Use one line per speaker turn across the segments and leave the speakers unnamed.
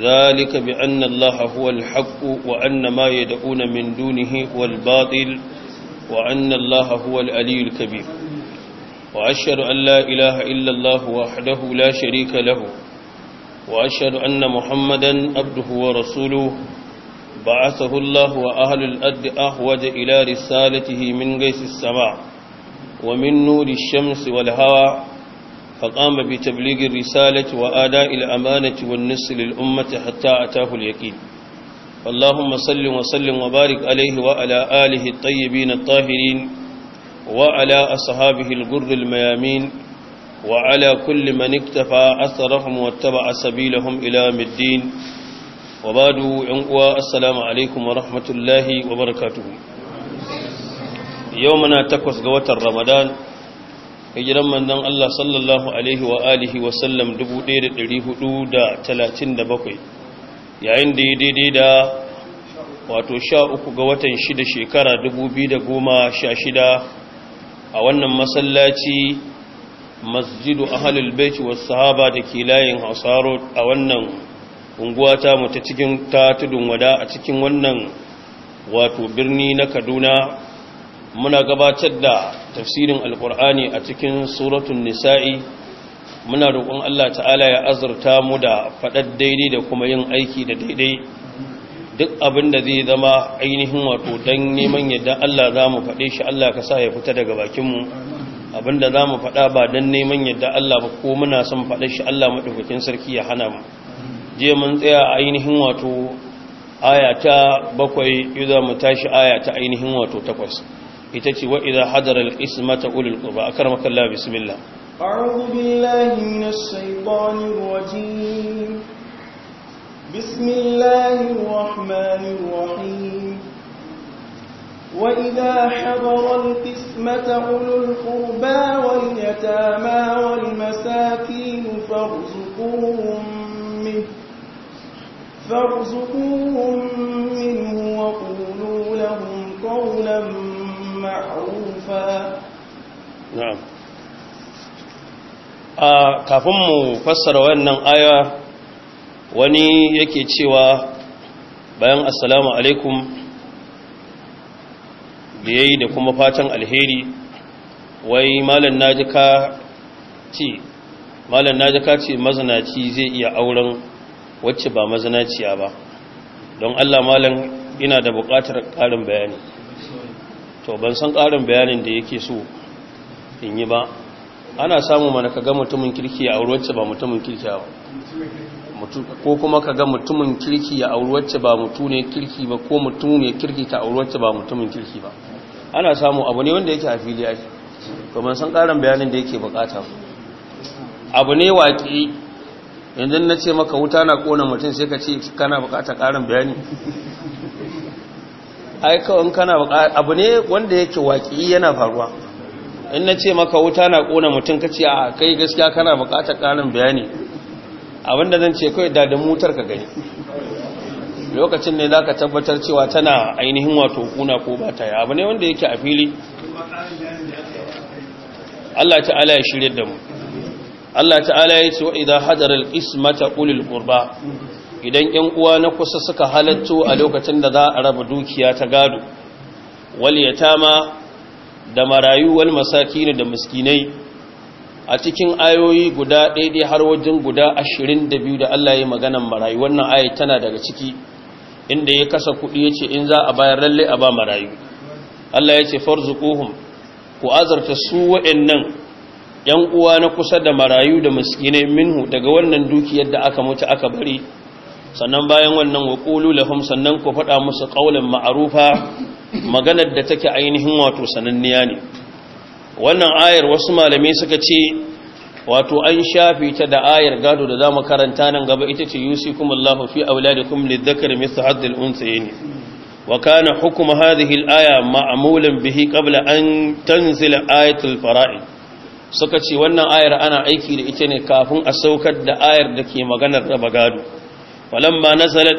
ذلك بأن الله هو الحق وأن ما يدعون من دونه هو الباطل وأن الله هو الألي الكبير وأشهد أن لا إله إلا الله وحده لا شريك له وأشهد أن محمدا عبده ورسوله بعثه الله وأهل الأرض أهوج إلى رسالته من غيث السماء ومن نور الشمس والهواء فقام بتبليغ الرسالة وآداء الأمانة والنصر للأمة حتى أتاه اليقين اللهم صل وسلم وبارك عليه وعلى آله الطيبين الطاهرين وعلى أصحابه الغر الميامين وعلى كل من اكتفى أثرهم واتبع سبيلهم إلى الدين وبعد عنقوا السلام عليكم ورحمة الله وبركاته يومنا تكوث قوة رمضان gidan manzon Allah sallallahu alaihi wa alihi wa sallam 1437 yayin da ya daidai da wato 13 ga watan shida shekara da goma sha 2016 a wannan masallaci masjidu ahlul bait was sahaba da ke layin hausaro a wannan unguwa ta mu cikin ta tudun wada a cikin wannan wato birni na Kaduna muna gabatar da tafsirin alkur'ani a cikin suratun nisa'i muna roƙon Allah ta'ala ya azurta mu da faɗar daidai da kuma yin aiki da daidai duk abin da zai zama ainihin wato don neman yadda Allah za mu faɗe shi Allah ka sa ya fita daga bakinmu abin da za mu faɗa ba don neman yadda Allah ba ko muna son faɗe shi Allah maɗaukakin sarki ya hana mu je mun tsaya a ainihin wato aya ta bakwai yadda mu tashi aya ainihin wato takwas ita ce wa idha hadara alqismata ulul qurba akramaka Allah bismillah
a'udhu billahi minash shaitanir rajim bismillahir rahmanir rahim
wa idza وإذا حضر
القسمة أولو القربى واليتامى والمساكين فارزقوهم منه فارزقوهم منه وقولوا لهم قولا معروفا
نعم a kafin mu fassara wannan aya wani yake cewa bayan assalamu alaikum da yayi da kuma fatan alheri wai malam naji ka ce malam naji ce mazinaci zai iya auren wacce ba mazinaciya ba don Allah malam ina da buƙatar ƙarin bayani to ban san ƙarin bayanin da yake so in yi ba ana samu mana ka ga mutumin kirki a wacce ba mutumin kirki ba ko kuma ka ga mutumin kirki a wacce ba mutu ne kirki ba ko mutum ne kirki ta wacce ba mutumin kirki ba ana samu abu ne wanda yake a fili ake to ban san ƙarin bayanin da yake bukata abu ne waƙi yanzu na ce maka wuta na kona mutum sai ka ce kana bukata ƙarin bayani aikawan kawai kana abu ne wanda yake waki yana faruwa in na ce maka wuta na kona mutum ka ce a kai gaskiya kana bukatar ƙarin bayani abinda zan ce kawai da da motar ka gani lokacin ne za ka tabbatar cewa tana ainihin wato kuna ko ba ta yi abu ne wanda yake a fili Allah ta'ala ya shirya da mu Allah ta'ala ya ce wa idan hadarar al-ismata ulil qurba idan ‘yan uwa na kusa suka halatto a lokacin da za a raba dukiya ta gado ma da marayu wal ne da miskinai a cikin ayoyi guda ɗaiɗai har wajen guda ashirin da biyu da Allah ya magana marayu wannan ayi tana daga ciki inda ya kasa kuɗi ya ce in za a bayar lalle a ba marayu Allah ya ce farzuquhum ku azarta su wa'annan ‘yan uwa na kusa da marayu da miskinai minhu daga wannan dukiyar da aka mutu aka bari sannan bayan wannan wa ƙulu lahum sannan ku faɗa musu qaulan ma'arufa maganar da take ainihin wato sananniya ne wannan ayar wasu malamai suka ce wato an shafi ta da ayar gado da zamu karanta nan gaba ita ce yusikumullahu fi a auladikum lidhakari mithlu haddil ne wa kana hukm hadhihi al-aya ma'mulan bihi qabla an tanzila ayatul fara'id suka ce wannan ayar ana aiki da ita ne kafin a saukar da ayar da ke maganar raba gado ba falamma nazalat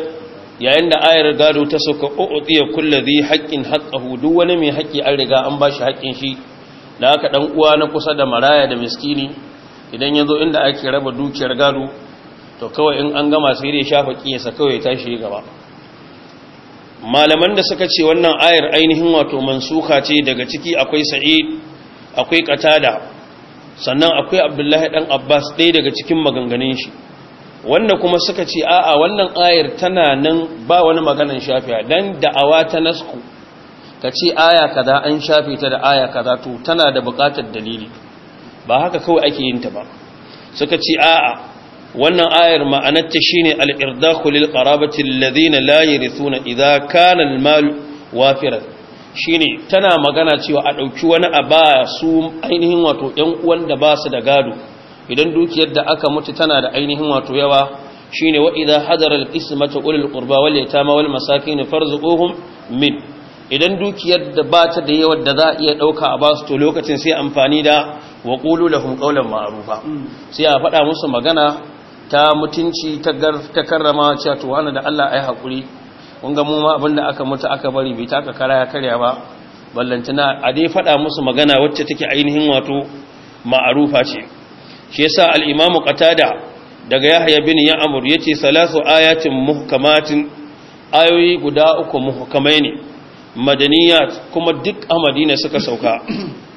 yayin da ayar gado ta sauka ya kulli haqqin haqqahu duk wani mai haƙƙi an riga an ba shi haƙƙin shi da aka dan uwa na kusa da maraya da miskini idan yazo inda ake raba dukiyar gado to kawai in an gama sai dai shafa kiyasa kawai tashi gaba malaman da suka ce wannan ayar ainihin wato mansuka ce daga ciki akwai sa'id akwai qatada sannan akwai abdullahi dan abbas ɗaya daga cikin maganganun shi wanda kuma suka ce a'a wannan ayar tana nan ba wani maganan shafiya dan da'awa ta nasku ka ce aya kaza an shafe ta da aya kaza to tana da buƙatar dalili ba haka kawai ake yin ta ba suka ce a'a wannan ayar ma'anarta shine al-irdaku lil qarabati alladhina la yarithuna idza kana al-mal wafiran shine tana magana cewa a dauki wani aba su ainihin wato ƴan uwan da ba su da gado idan dukiyar da aka mutu tana da ainihin wato yawa shine wa idza hadara alqismatu ulul qurba wal yatama wal masakin farzuquhum min idan dukiyar da ba ta da yawa da za a iya dauka a basu to lokacin sai amfani da wa qulu lahum qawlan ma'rufa sai a faɗa musu magana ta mutunci ta ta karrama cewa to wani da Allah ai hakuri kun ga mu ma abinda aka mutu aka bari bai taka karaya karya ba ballantana a dai faɗa musu magana wacce take ainihin wato ma'arufa ce shi yasa al imam qatada daga yahya bin ya'mur yace salasu ayatin muhkamatin ayoyi guda uku muhkamai ne madaniyat kuma duk a madina suka sauka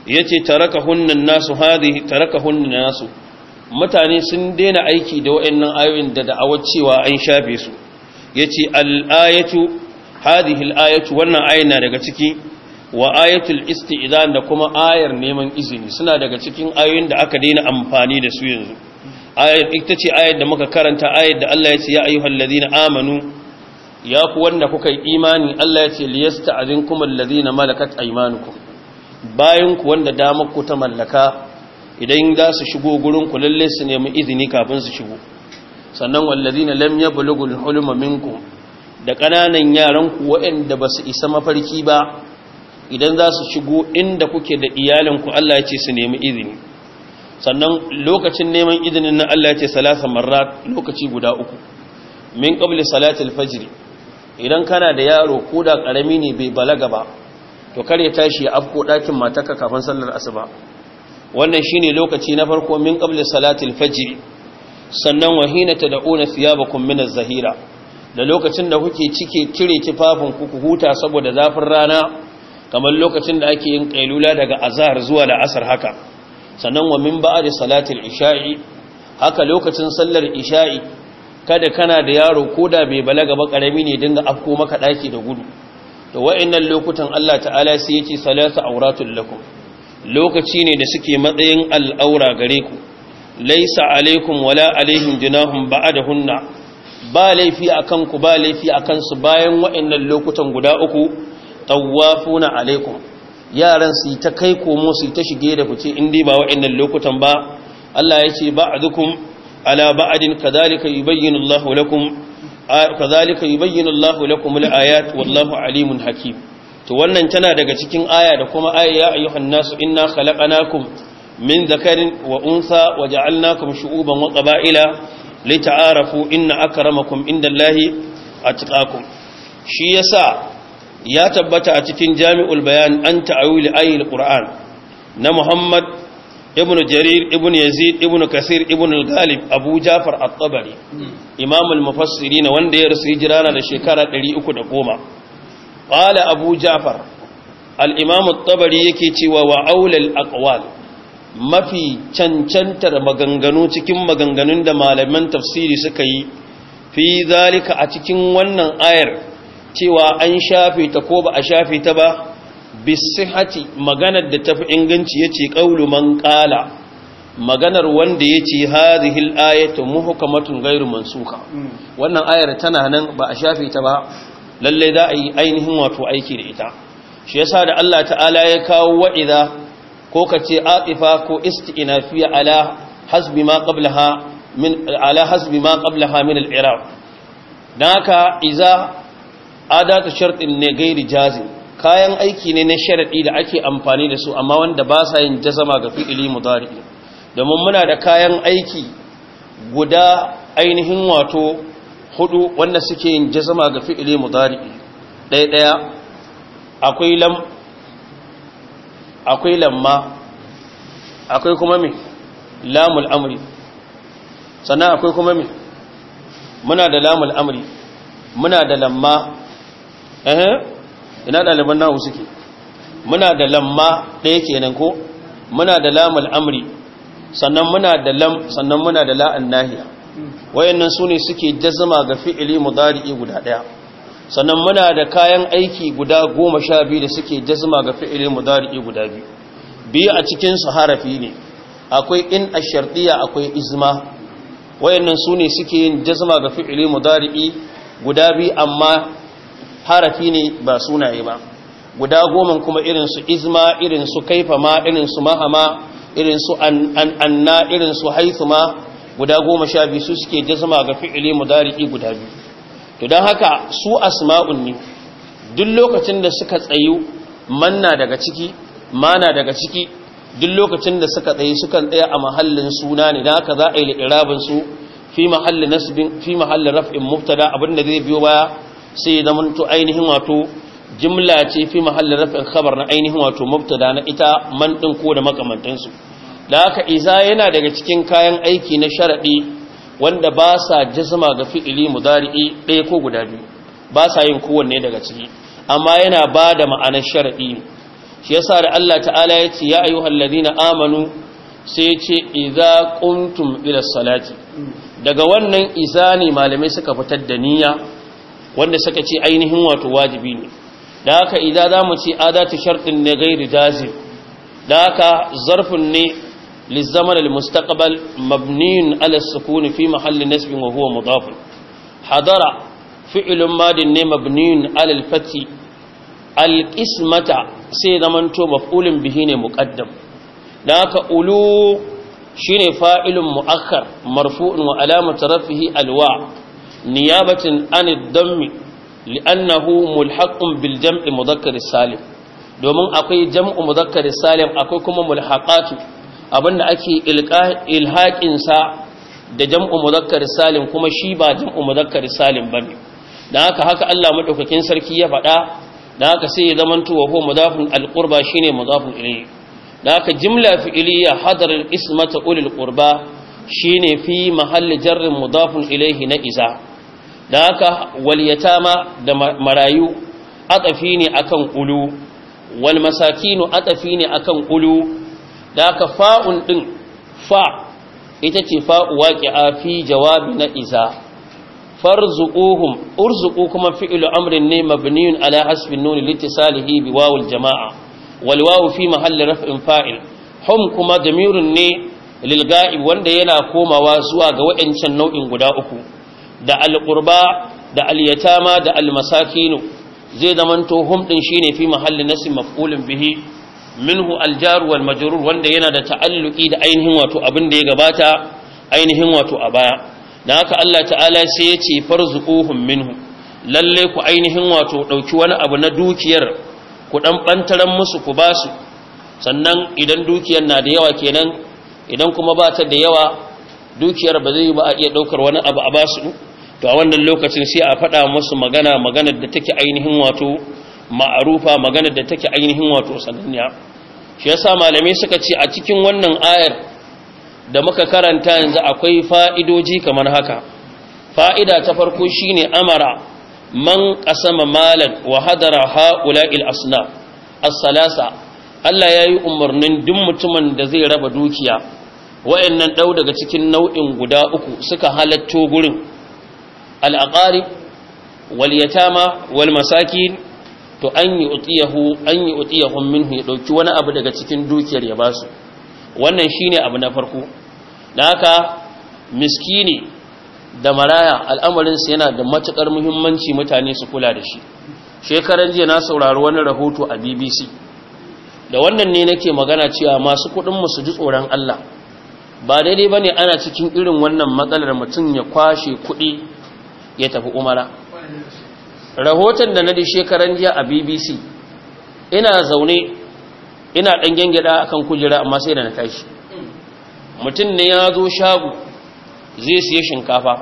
yace tarakahunna nasu hadhihi tarakahunna nasu mutane sun daina aiki da wayannan ayoyin da da'awar cewa an shafe su yace al-ayatu hadhihi al-ayatu wannan ayin na daga ciki wa ayatul isti'dan da kuma ayar neman izini suna daga cikin ayoyin da aka daina amfani da su yanzu ayar ita ce ayar da muka karanta ayar da Allah ya ce ya ayyuhal ladina amanu ya ku wanda kuka yi imani Allah ya ce liyasta'zinkum alladhina malakat aymanukum bayan ku wanda damar ku ta mallaka idan za su shigo gurin ku lalle su nemi izini kafin su shigo sannan walladhina lam yablughul hulma minkum da ƙananan yaran ku waɗanda ba su isa mafarki ba idan za su shigo inda kuke da iyalinku Allah ya ce su nemi izini sannan lokacin neman izinin na Allah ya ce salasa marra lokaci guda uku min qabli salatil fajr idan kana da yaro ko da karami ne bai balaga ba to kar ya tashi ya afko ɗakin matarka kafin sallar asuba wannan shine lokaci na farko min qabli salatil fajiri sannan wahina tad'una thiyabakum min az-zahira da lokacin da kuke cike cire tufafin ku ku huta saboda zafin rana kamar lokacin da ake yin kailula daga azahar zuwa la'asar haka sannan wa min da salatil isha'i haka lokacin sallar isha'i kada kana da yaro ko da bai balaga ba karami ne dinga afko maka daki da gudu to wa'annan lokutan Allah ta'ala sai yace salatu auratul lakum lokaci ne da suke matsayin al'aura gare ku laisa alaikum wala alaihim junahum hunna. ba laifi akan ku ba laifi akan su bayan wa'annan lokutan guda uku tawafuna alaikum yaran su ta kai komo su ta shige da fice in dai ba wa'annan lokutan ba Allah ya ce ba'dukum ala ba'din kadhalika yubayyinu Allahu lakum kadhalika yubayyinu Allahu lakum al wallahu alimun hakim to wannan tana daga cikin aya da kuma aya ya ayyuhan nasu inna khalaqnakum min dhakarin wa untha wa ja'alnakum shu'uban wa qaba'ila lita'arafu inna akramakum indallahi atqakum shi yasa ya tabbata a cikin jami'ul bayan an ta'awili ayyul qur'an na muhammad ibn jarir ibn yazid ibn kasir ibn galib abu jafar at-tabari imamul mufassirin wanda ya rasu hijirana da shekara 310 qala abu jafar al-imam at-tabari yake cewa wa aulal aqwal mafi cancantar maganganu cikin maganganun da malaman tafsiri suka yi fi zalika a cikin wannan ayar cewa an shafe ta ko ba a shafe ta ba bisihati maganar da tafi inganci yace qaulu man qala maganar wanda yace hadhihi al-ayatu muhkamatun gairuman mansuka hmm. wannan ayar tana nan ba a shafe ta ba lalle za a yi ainihin wato aiki da ita shi yasa da Allah ta'ala ya kawo wa'iza ko kace aqifa ko istinafiya ala hasbi ma qablaha min ala hasbi ma qablaha min al-iraq dan haka iza adatu shartin ne gairi jazin kayan aiki ne na sharadi da ake amfani da su amma wanda ba sa yin jazama ga fi'ili mudari domin muna da kayan aiki guda ainihin wato hudu wanda suke yin jazama ga fi'ili mudari ɗaya ɗaya akwai lam akwai lamma akwai kuma me lamul amri sannan akwai kuma me muna da lamul amri muna da lamma ina ɗaliban nahu suke muna da lamma ɗaya kenan ko muna da lamal amri sannan muna da lam sannan muna da la'an nahiya wayannan su ne suke jazma ga fi'ili mudari'i guda ɗaya sannan muna da kayan aiki guda goma sha biyu da suke jazma ga fi'ili mudari'i guda biyu biyu a cikinsu harafi ne akwai in a akwai izma wayannan su suke yin jazma ga fi'ili mudari'i guda biyu amma harafi ne ba sunaye ba guda goma kuma irin su izma irin su kaifa ma irin su mahama irin su anna irin su haithuma guda goma sha biyu su suke jazma ga fi'ili mudari'i guda biyu to don haka su asma'un ne duk lokacin da suka tsayu manna daga ciki mana daga ciki duk lokacin da suka tsaye sukan tsaya a mahallin suna ne da haka za a yi li'irabin su fi mahallin nasbin fi mahallin raf'in mubtada abinda zai biyo baya sai zamanto ainihin wato jimla ce fi mahallin rafin khabar na ainihin wato mubtada na ita man din ko da su da haka iza yana daga cikin kayan aiki na sharadi wanda ba sa jazma ga fi'ili mudari'i ɗaya ko guda biyu ba sa yin kowanne daga ciki amma yana ba da ma'anar sharadi shi yasa da Allah ta'ala ya ce ya ayyuhal ladina amanu sai ce idza qumtum ila salati daga wannan iza ne malamai suka fitar da niyya wanda suka ce ainihin wato wajibi ne da haka idan za mu ce adatu shartin ne gairi dazi da haka zarfin ne lizzamar almustaqbal mabniin ala sukuni fi mahalli nasb wa huwa mudaf hadara fi'lun madin ne mabniin ala alfati alqismata sai zaman to bihi ne muqaddam da haka ulu shine fa'ilun mu'akkar marfuin wa alamatu rafihi alwa' niyabatin an dammi li'annahu mulhaqun bil jam'i mudhakkar salim domin akwai jam'u mudhakkar salim akwai kuma mulhaqatu abinda ake ilhaqin sa da jam'u muzakkar salim kuma shi ba jam'u muzakkar salim bane dan haka haka Allah madaukakin sarki ya faɗa dan haka sai ya zamanto wa huwa mudafun alqurba shine mudafun ilayhi dan haka jumla fi'liya hadar ismata ulil qurba shine fi mahalli jarrin mudafun ilayhi na iza da haka ma da marayu atafi ne akan ulu wal masakinu atafi ne akan ulu da haka fa'un din fa ita ce fa'u waqi'a fi jawabi na iza farzuquhum urzuqu kuma fi'lu amrin ne mabniun ala hasbin nun litisalihi bi wawul jamaa wal wawu fi mahalli raf'in fa'il hum kuma damirun ne lil ga'ib wanda yana komawa zuwa ga wa'ancan nau'in guda uku da alqurba da alyatama da almasakinu zai zamanto hum din shine fi mahalli nasin maf'ulun bihi minhu aljar wal majrur wanda yana da ta'alluki da ainihin wato abin da ya gabata ainihin wato a baya dan haka Allah ta'ala sai ya ce farzuquhum minhu lalle ku ainihin wato dauki wani abu na dukiyar ku dan bantaran musu ku basu sannan idan dukiyar na da yawa kenan idan kuma ba ta da yawa dukiyar ba zai ba a iya daukar wani abu a basu to a wannan lokacin sai a faɗa musu magana maganar da take ainihin wato ma'arufa maganar da take ainihin wato sananniya shi yasa malamai suka ce a cikin wannan ayar da muka karanta yanzu akwai fa'idoji kamar haka fa'ida ta farko shine amara man qasama malan wa hadara ha'ula'il asna as-salasa Allah ya yi umarnin duk mutumin da zai raba dukiya wa'annan ɗau daga cikin nau'in guda uku suka halatto gurin al'aqarib wal yatama to an yi utiyahu an yi utiyahum minhu ya ɗauki wani abu daga cikin dukiyar ya basu wannan shine abu na farko dan haka miskini da maraya al'amarin sa yana da matukar muhimmanci mutane su kula da shi shekaran jiya na saurari wani rahoto a BBC da wannan ne nake magana cewa masu kudin musu su ji tsoron Allah ba daidai bane ana cikin irin wannan matsalar mutum ya kwashe kuɗi. ya tafi umara rahoton da na di shekaran jiya a bbc ina zaune ina ɗan gyangyaɗa akan kujera amma sai da na tashi mutum ne ya zo shago zai siya shinkafa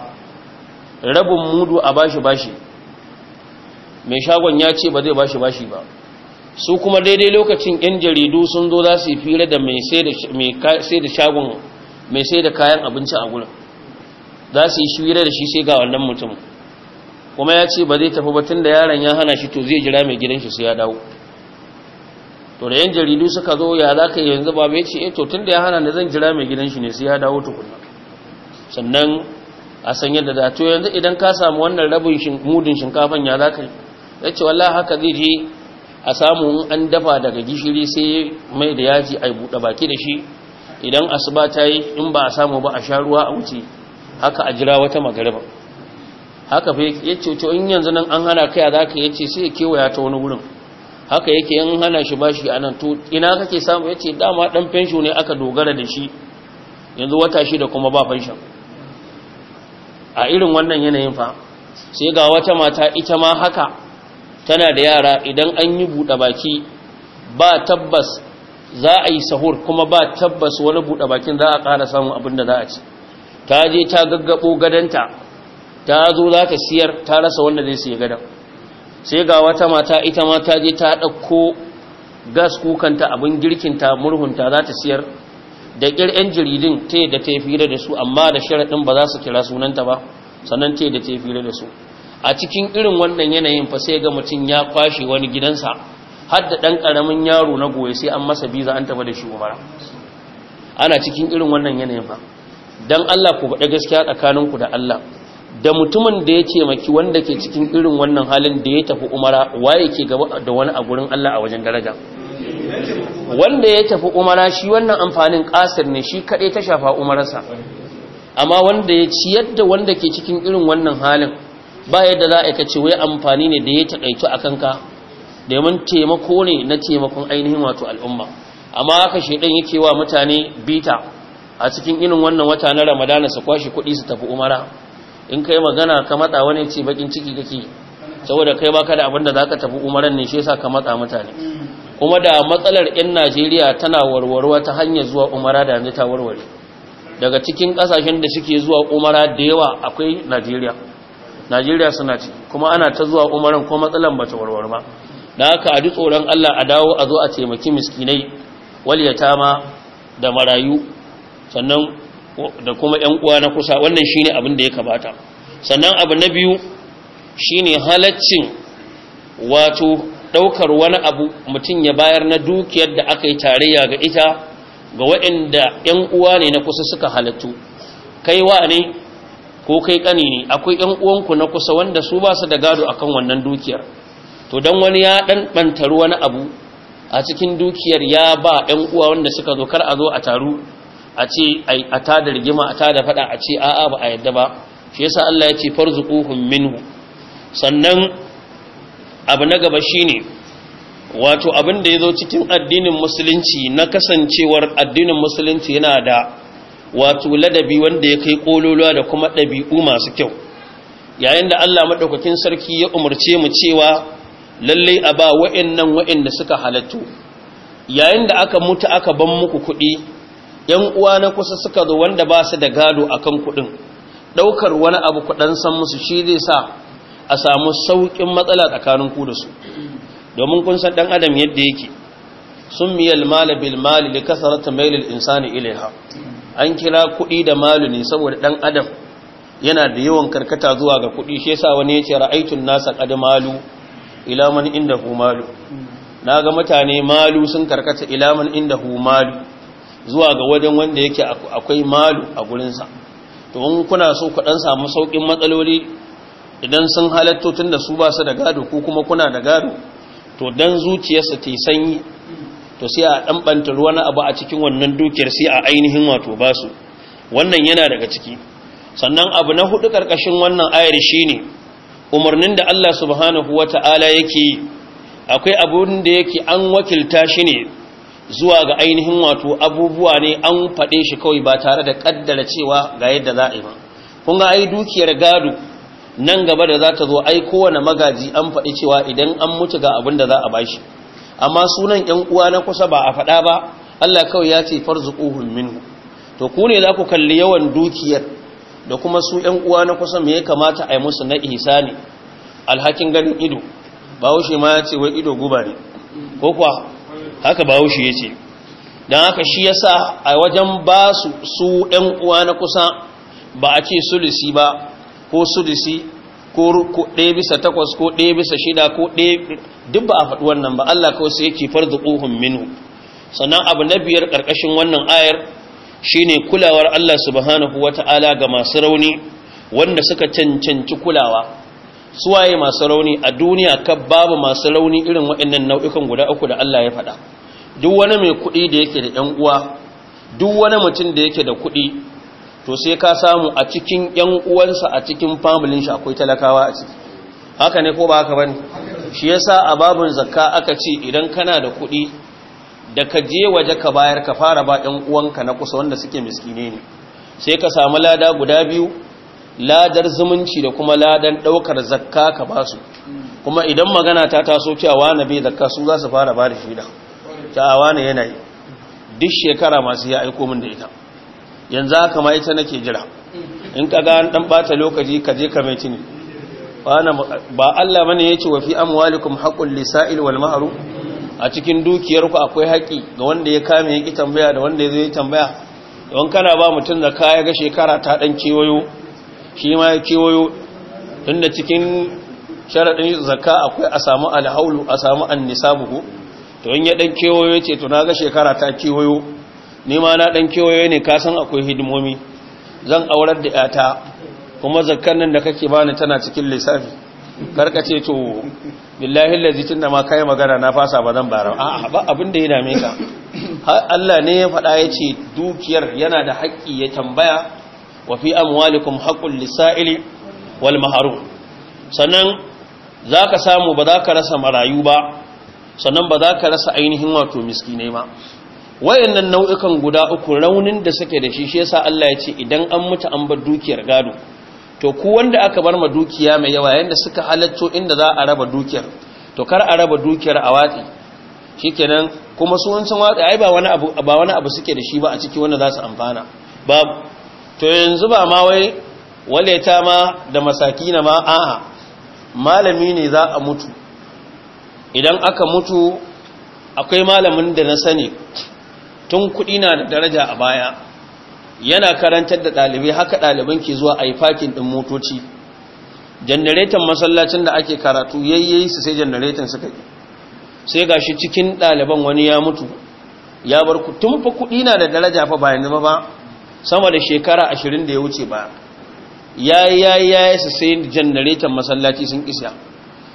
rabin mudu a bashi-bashi mai shagon ya ce ba zai bashi-bashi ba su kuma daidai lokacin 'yan jaridu sun zo za su yi fira da mai sai da shagon mai sai da kayan abinci a gurin za su yi shiwira da shi sai ga wannan mutum kuma ya ce ba zai tafi ba tun da yaron ya hana shi to zai jira mai gidan shi sai ya dawo to da yan jaridu suka zo ya za ka yanzu ba bai ce eh, to tun da ya hana da zan jira mai gidan shi ne sai ya dawo tukuna sannan a san yadda za to yanzu idan ka samu wannan rabin mudin shinkafan ya za ka yi ya ce wallah haka zai je a samu an dafa daga gishiri sai mai da yaji a buɗe baki da shi idan asuba ta yi in ba a samu ba a sha ruwa a wuce haka a jira wata magariba haka fi ya ce to in yanzu nan an hana kai za ka yace sai ya kewaya ta wani wurin haka yake in hana shi bashi a nan to ina kake samu ya ce? dama dan fensho ne aka dogara da shi yanzu wata shi da kuma ba fenshon a irin wannan yanayin fa sai ga wata mata ita ma haka tana da yara idan an yi buɗe baki ba tabbas za a yi sahur kuma ba tabbas wani buɗe bakin za a ƙara samun abin da za a ci ta je ta gaggabo gadanta ta zo za ta siyar ta rasa wanda zai siya gadan sai ga wata mata ita ma ta je ta ɗauko gas kukanta abin girkin girkinta murhunta za ta siyar da ƙir 'yan jiridin ta da ta fira da su amma da sharaɗin ba za su kira sunanta ba sannan ta da ta fira da su a cikin irin wannan yanayin fa sai ga mutum ya kwashe wani gidansa har da ɗan ƙaramin yaro na goye sai an masa biza an tafi da shi umara ana cikin irin wannan yanayin fa don Allah ku faɗa gaskiya tsakaninku da Allah da mutumin da ya taimaki wanda ke cikin irin wannan halin da ya tafi umara waye ke gaba da wani a gurin Allah a wajen daraja wanda ya tafi umara shi wannan amfanin kasir ne shi kaɗai ta shafa umararsa amma wanda ya ciyar da wanda ke cikin irin wannan halin ba yadda za a ka ce wai amfani ne da ya taƙaitu a kanka domin taimako ne na taimakon ainihin wato al'umma amma haka shaidan yake wa mutane bita a cikin inin wannan wata na ramadana su kwashe kuɗi su tafi umara in kai magana ka matsa wani ce bakin ciki kake saboda kai ba ka da abinda za ka tafi umaran ne shi yasa ka matsa mutane kuma da matsalar yan Najeriya tana warwarwa ta hanyar zuwa umara da yanzu ta warware daga cikin kasashen da suke zuwa umara da yawa akwai Najeriya Najeriya suna ci kuma ana ta zuwa umaran ko matsalar bata warware ba da haka a ji tsoron Allah a dawo a zo a taimaki miskinai waliyata ma da marayu sannan da kuma ‘yan uwa na kusa wannan shine abin da ya kamata sannan abu na biyu shine halaccin wato ɗaukar wani abu mutum ya bayar na dukiyar da aka yi tarayya ga ita ga waɗanda ‘yan uwa ne na kusa suka halattu kai wa ne ko kai ƙani ne akwai ‘yan uwanku na kusa wanda su ba su da gado akan wannan dukiyar to don wani ya ɗanɓantar wani abu a cikin dukiyar ya ba ‘yan uwa wanda suka zo kar a zo a taru a ce a tada rigima a tada fada a ce a'a ba a yadda ba shi yasa Allah ya ce farzuquhum minhu sannan abu na gaba shine wato abin da yazo cikin addinin musulunci na kasancewar addinin musulunci yana da wato ladabi wanda ya kai kololuwa da kuma dabi'u masu kyau yayin da Allah madaukakin sarki ya umarce mu cewa lalle a ba wa'annan wa'anda suka halattu yayin da aka mutu aka ban muku kuɗi yan uwa na kusa suka zo wanda ba su da gado a kan kuɗin ɗaukar wani abu kuɗan san musu shi zai sa a samu sauƙin matsala tsakanin ku da su domin kun san ɗan adam yadda yake sun miyal mala bil mali li kasarata mailil insani ilaiha an kira kuɗi da malu ne saboda ɗan adam yana da yawan karkata zuwa ga kuɗi shi yasa wani yace ra'aitun nasa qad malu ila man hu malu naga mutane malu sun karkata ila man hu malu zuwa ga wajen wanda yake akwai malu a gurinsa to in kuna so ku dan samu saukin matsaloli idan sun halatto tun da su ba su da gado ko kuma kuna da gado to dan zuciyarsa ta sanyi to sai a ruwa ruwan abu a cikin wannan dukiyar sai a ainihin wato ba su wannan yana daga ciki sannan abu na hudu ƙarƙashin wannan ayar shine umarnin da Allah subhanahu wata'ala yake akwai abun da yake an wakilta shi ne zuwa ga ainihin wato abubuwa ne an faɗe shi kawai ba tare da ƙaddara cewa ga yadda za a yi ba kun ga ai dukiyar gado nan gaba da za ta zo ai kowane magaji an faɗi cewa idan an mutu ga abin da za a bashi amma sunan ƴan uwa na kusa ba a faɗa ba Allah kawai ya ce farzuquhum minhu to ku ne za ku kalli yawan dukiyar da kuma su ƴan uwa na kusa me ya kamata a yi musu na ihsani alhakin ganin ido ba wuce ma ya ce wai ido guba ne ko kuwa haka ba bawo shi ce don haka shi ya sa a wajen ba su su ɗan uwa na kusa ba a ce sulisi ba ko sulisi ko ɗaya bisa takwas ko ɗaya bisa shida ko ɗaya duk ba a faɗi wannan ba Allah kawai sai yake farzu ƙuhun minu sannan abu na biyar ƙarƙashin wannan ayar shine kulawar Allah subhanahu ta'ala ga masu rauni wanda suka cancanci kulawa suwaye masu rauni a duniya ka babu masu rauni irin waɗannan nau'ikan guda uku da Allah ya faɗa duk wani mai kuɗi da yake da ‘yan uwa duk wani mutum da yake da kuɗi to sai ka samu a cikin ‘yan uwansa a cikin famulin shi akwai talakawa a ciki haka ne ko ba haka bane shi yasa a babun zakka aka ce idan kana da kuɗi da ka je waje ka bayar ka fara ba ‘yan uwanka na kusa wanda suke miskine ne sai ka samu lada guda biyu ladar zumunci da kuma ladan ɗaukar zakka ka basu kuma idan magana ta taso cewa na bai zakka su za su fara ba da shida kyawa ne yanayi duk shekara masu ya aiko min da ita yanzu haka ma ita nake jira in ka ga dan bata lokaci ka je ka mai tuni ba Allah bane ce wa fi amwalikum haqqul lisa'il wal mahru a cikin dukiyarku akwai haƙi ga wanda ya kame ya ƙi tambaya da wanda ya zai tambaya don kana ba mutum da ya ga shekara ta ɗan kewayo shi ma ya kewayo tunda cikin sharaɗin zaka akwai a samu alhaulu a samu annisabuhu to in ya dan kewayo ce to na ga shekara ta kewayo ni ma na dan kewayo ne ka san akwai hidimomi zan aurar da yata kuma zakkan nan da kake bani tana cikin lissafi karka ce to billahi allazi tunda ma kai magana na fasa ba zan bara a'a ba abin da ya dame ka Allah ne ya faɗa ya ce dukiyar yana da haƙƙi ya tambaya wa fi amwalikum haqqul lisa'ili wal maharum sannan zaka samu ba za ka rasa marayu ba sannan ba za ka rasa ainihin wato miski ne ma wayannan nau'ikan guda uku raunin da suke da shi shi yasa Allah ya ce idan an mutu an bar dukiyar gado to ku wanda aka bar ma dukiya mai yawa yanda suka halatto inda za a raba dukiyar to kar a raba dukiyar a watsi shikenan kuma su wancan watsi ai ba wani abu ba wani abu suke da shi ba a ciki wanda za su amfana ba to yanzu ba ma wai waleta ma da masakina ma a'a malami ne za a mutu idan aka mutu akwai malamin da na sani tun kuɗi na da daraja a baya yana karantar da ɗalibai haka ɗaliban ke zuwa a yi fakin ɗin motoci janareton masallacin da ake karatu yayyayi su sai janareton suka yi sai ga shi cikin ɗaliban wani ya mutu ya bar ku tun fa kuɗi na da daraja fa bayan zama ba sama da shekara ashirin da ya wuce ba ya yi ya yi su sai janareton masallaci sun isa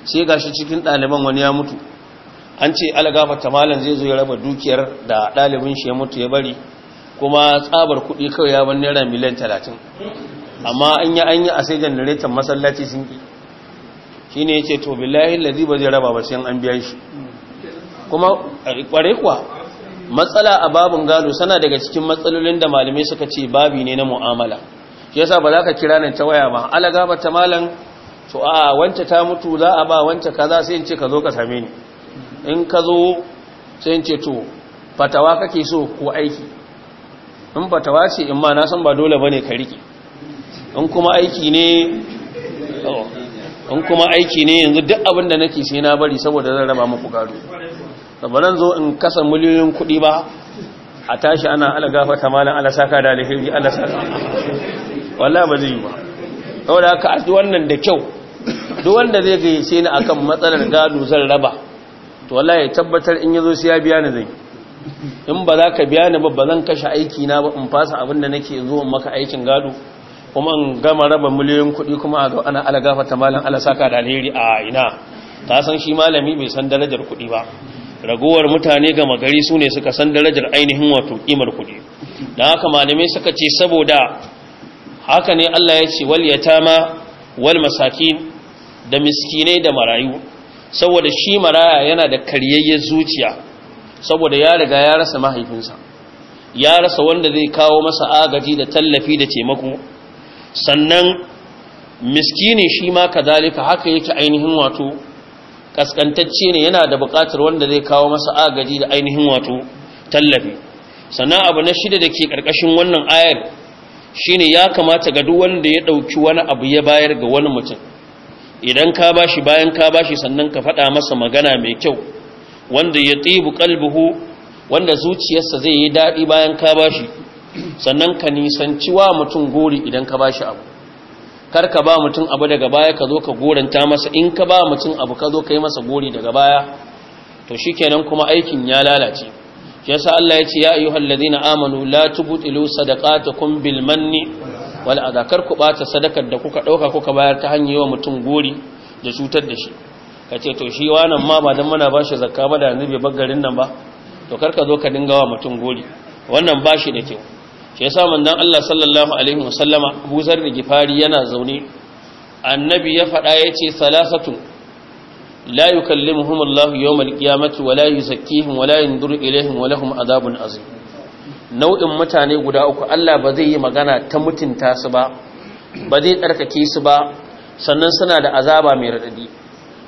sai ga shi cikin ɗaliban wani ya mutu an ce algafata malam zai zo ya raba dukiyar da ɗalibin shi ya mutu ya bari kuma tsabar kuɗi kawai ya ban naira miliyan talatin amma an yi an yi a sai janareton masallaci sun ƙi shi ne ya ce to billahi lazi ba zai raba ba sai an biya shi kuma ƙware kuwa matsala a babin gado sana daga cikin matsalolin da malamai suka ce babi ne na mu'amala shi yasa ba za ka kira nan ta waya ba algafata malam to a wance ta mutu za a ba wance kaza sai in ce ka zo ka same ni in ka zo sai in ce to fatawa kake so ko aiki in fatawa ce in ma na san ba dole bane ka rike in kuma aiki ne in kuma aiki ne yanzu duk abin da nake sai na bari saboda zan raba muku gado saboda zo in kasa miliyoyin kuɗi ba a tashi ana ala gafata malan ala saka da alheri ala saka wallahi ba zai yi ba saboda haka aji wannan da kyau duk wanda zai gayyace ni akan matsalar gado zan raba to wallahi tabbatar in yazo sai ya biya ni zai in ba za ka biya ni ba ba kashe aiki na ba in fasa abin da nake zo maka aikin gado kuma in gama raba miliyoyin kuɗi kuma a zo ana alagafa ta malam ala saka da alheri a ina ta san shi malami bai san darajar kuɗi ba ragowar mutane gama gari sune ne suka san darajar ainihin wato kimar kuɗi da haka malamai suka ce saboda haka ne Allah ya ce wal yatama wal masakin da miskinai da marayu saboda shi maraya yana da karyayye zuciya saboda ya riga ya rasa mahaifinsa ya rasa wanda zai kawo masa agaji da tallafi da taimako sannan miskini shi ma kadalika haka yake ainihin wato kaskantacce ne yana da buƙatar wanda zai kawo masa agaji da ainihin wato tallafi sannan abu na shida da ke ƙarƙashin wannan ayar shine ya kamata ga duk wanda ya ɗauki wani abu ya bayar ga wani mutum idan ka bashi bayan ka bashi sannan ka faɗa masa magana mai kyau wanda ya tsibu kalbuhu wanda zuciyarsa zai yi daɗi bayan ka bashi sannan ka nisanci wa mutum gori idan ka bashi abu kar ka ba mutum abu daga baya ka zo ka goranta masa in ka ba mutum abu ka zo ka yi masa gori daga baya to shi kenan kuma aikin ya lalace shi yasa Allah ya ce ya ayyuhal ladina amanu la tubtilu sadaqatakum bil manni wal azakar ku bata sadakar da kuka ɗauka kuka bayar ta hanyar wa mutum gori da cutar da shi ka ce to shi wannan ma ba dan ba shi zakka ba da annabi garin nan ba to karka zo ka dinga wa mutum gori wannan bashi da kyau shi yasa manzon Allah sallallahu alaihi wasallama da Gifari yana zaune annabi ya faɗa yace salasatu la yukallimuhum Allah yawm al-qiyamati wa la yuzakkihim wala la yanzuru ilaihim wa lahum adabun azim nau'in mutane guda uku Allah ba zai yi magana ta mutunta su ba ba zai tsarkake su ba sannan suna da azaba mai radadi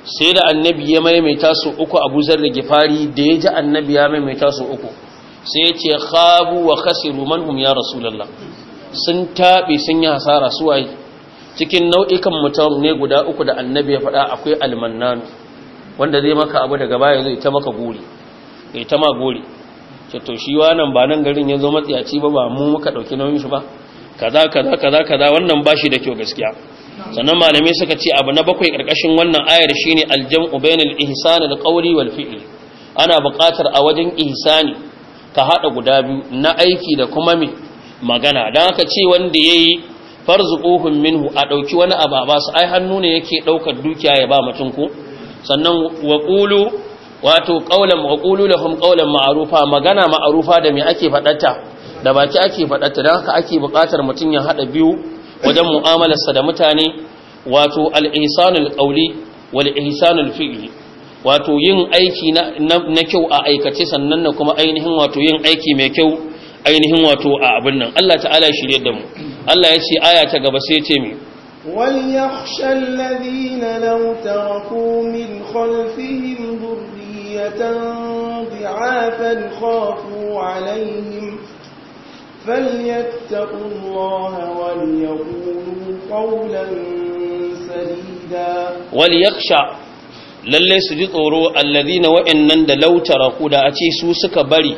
sai da annabi ya maimaita su uku Abu da Gifari da ya ji annabi ya maimaita su uku sai ya ce khabu wa khasiru man hum ya rasulullah sun tabe sun yi hasara su waye cikin nau'ikan mutum ne guda uku da annabi ya faɗa akwai almannanu wanda zai maka abu daga baya zai ta maka gori ta ma gori ce to shi wannan ba nan garin ya zo matsiyaci ba ba mu muka ɗauki nauyin shi ba kaza kaza kaza kaza wannan ba shi da kyau gaskiya sannan malamai suka ce abu na bakwai ƙarƙashin wannan ayar shine aljam'u bainal ihsani da qawli wal fi'li ana buƙatar a wajen ihsani ka haɗa guda biyu na aiki da kuma me magana dan aka ce wanda yayi farzuquhum minhu a ɗauki wani abu ba su ai hannu ne yake ɗaukar dukiya ya ba mutum ko sannan wa wato qaulan wa da lahum qaulan ma'arufa, magana ma'arufa da me ake faɗata da baki ake faɗata don haka ake buƙatar mutum ya haɗa biyu wajen mu'amalarsa da mutane wato al-ihsanul qawli wal ihsanul fi'li wato yin aiki na kyau a aikace sannan na kuma ainihin wato yin aiki mai kyau ainihin wato a abin nan Allah ta'ala ya shirye da mu Allah ya ce aya ta gaba sai ya ce mi
wal yakhsha alladhina law taraku min khalfihim خشية ضعافا خافوا عليهم فليتقوا الله وليقولوا قولا سديدا
lalle su ji tsoro alladhina wa'annan da lautara ku da a ce su suka bari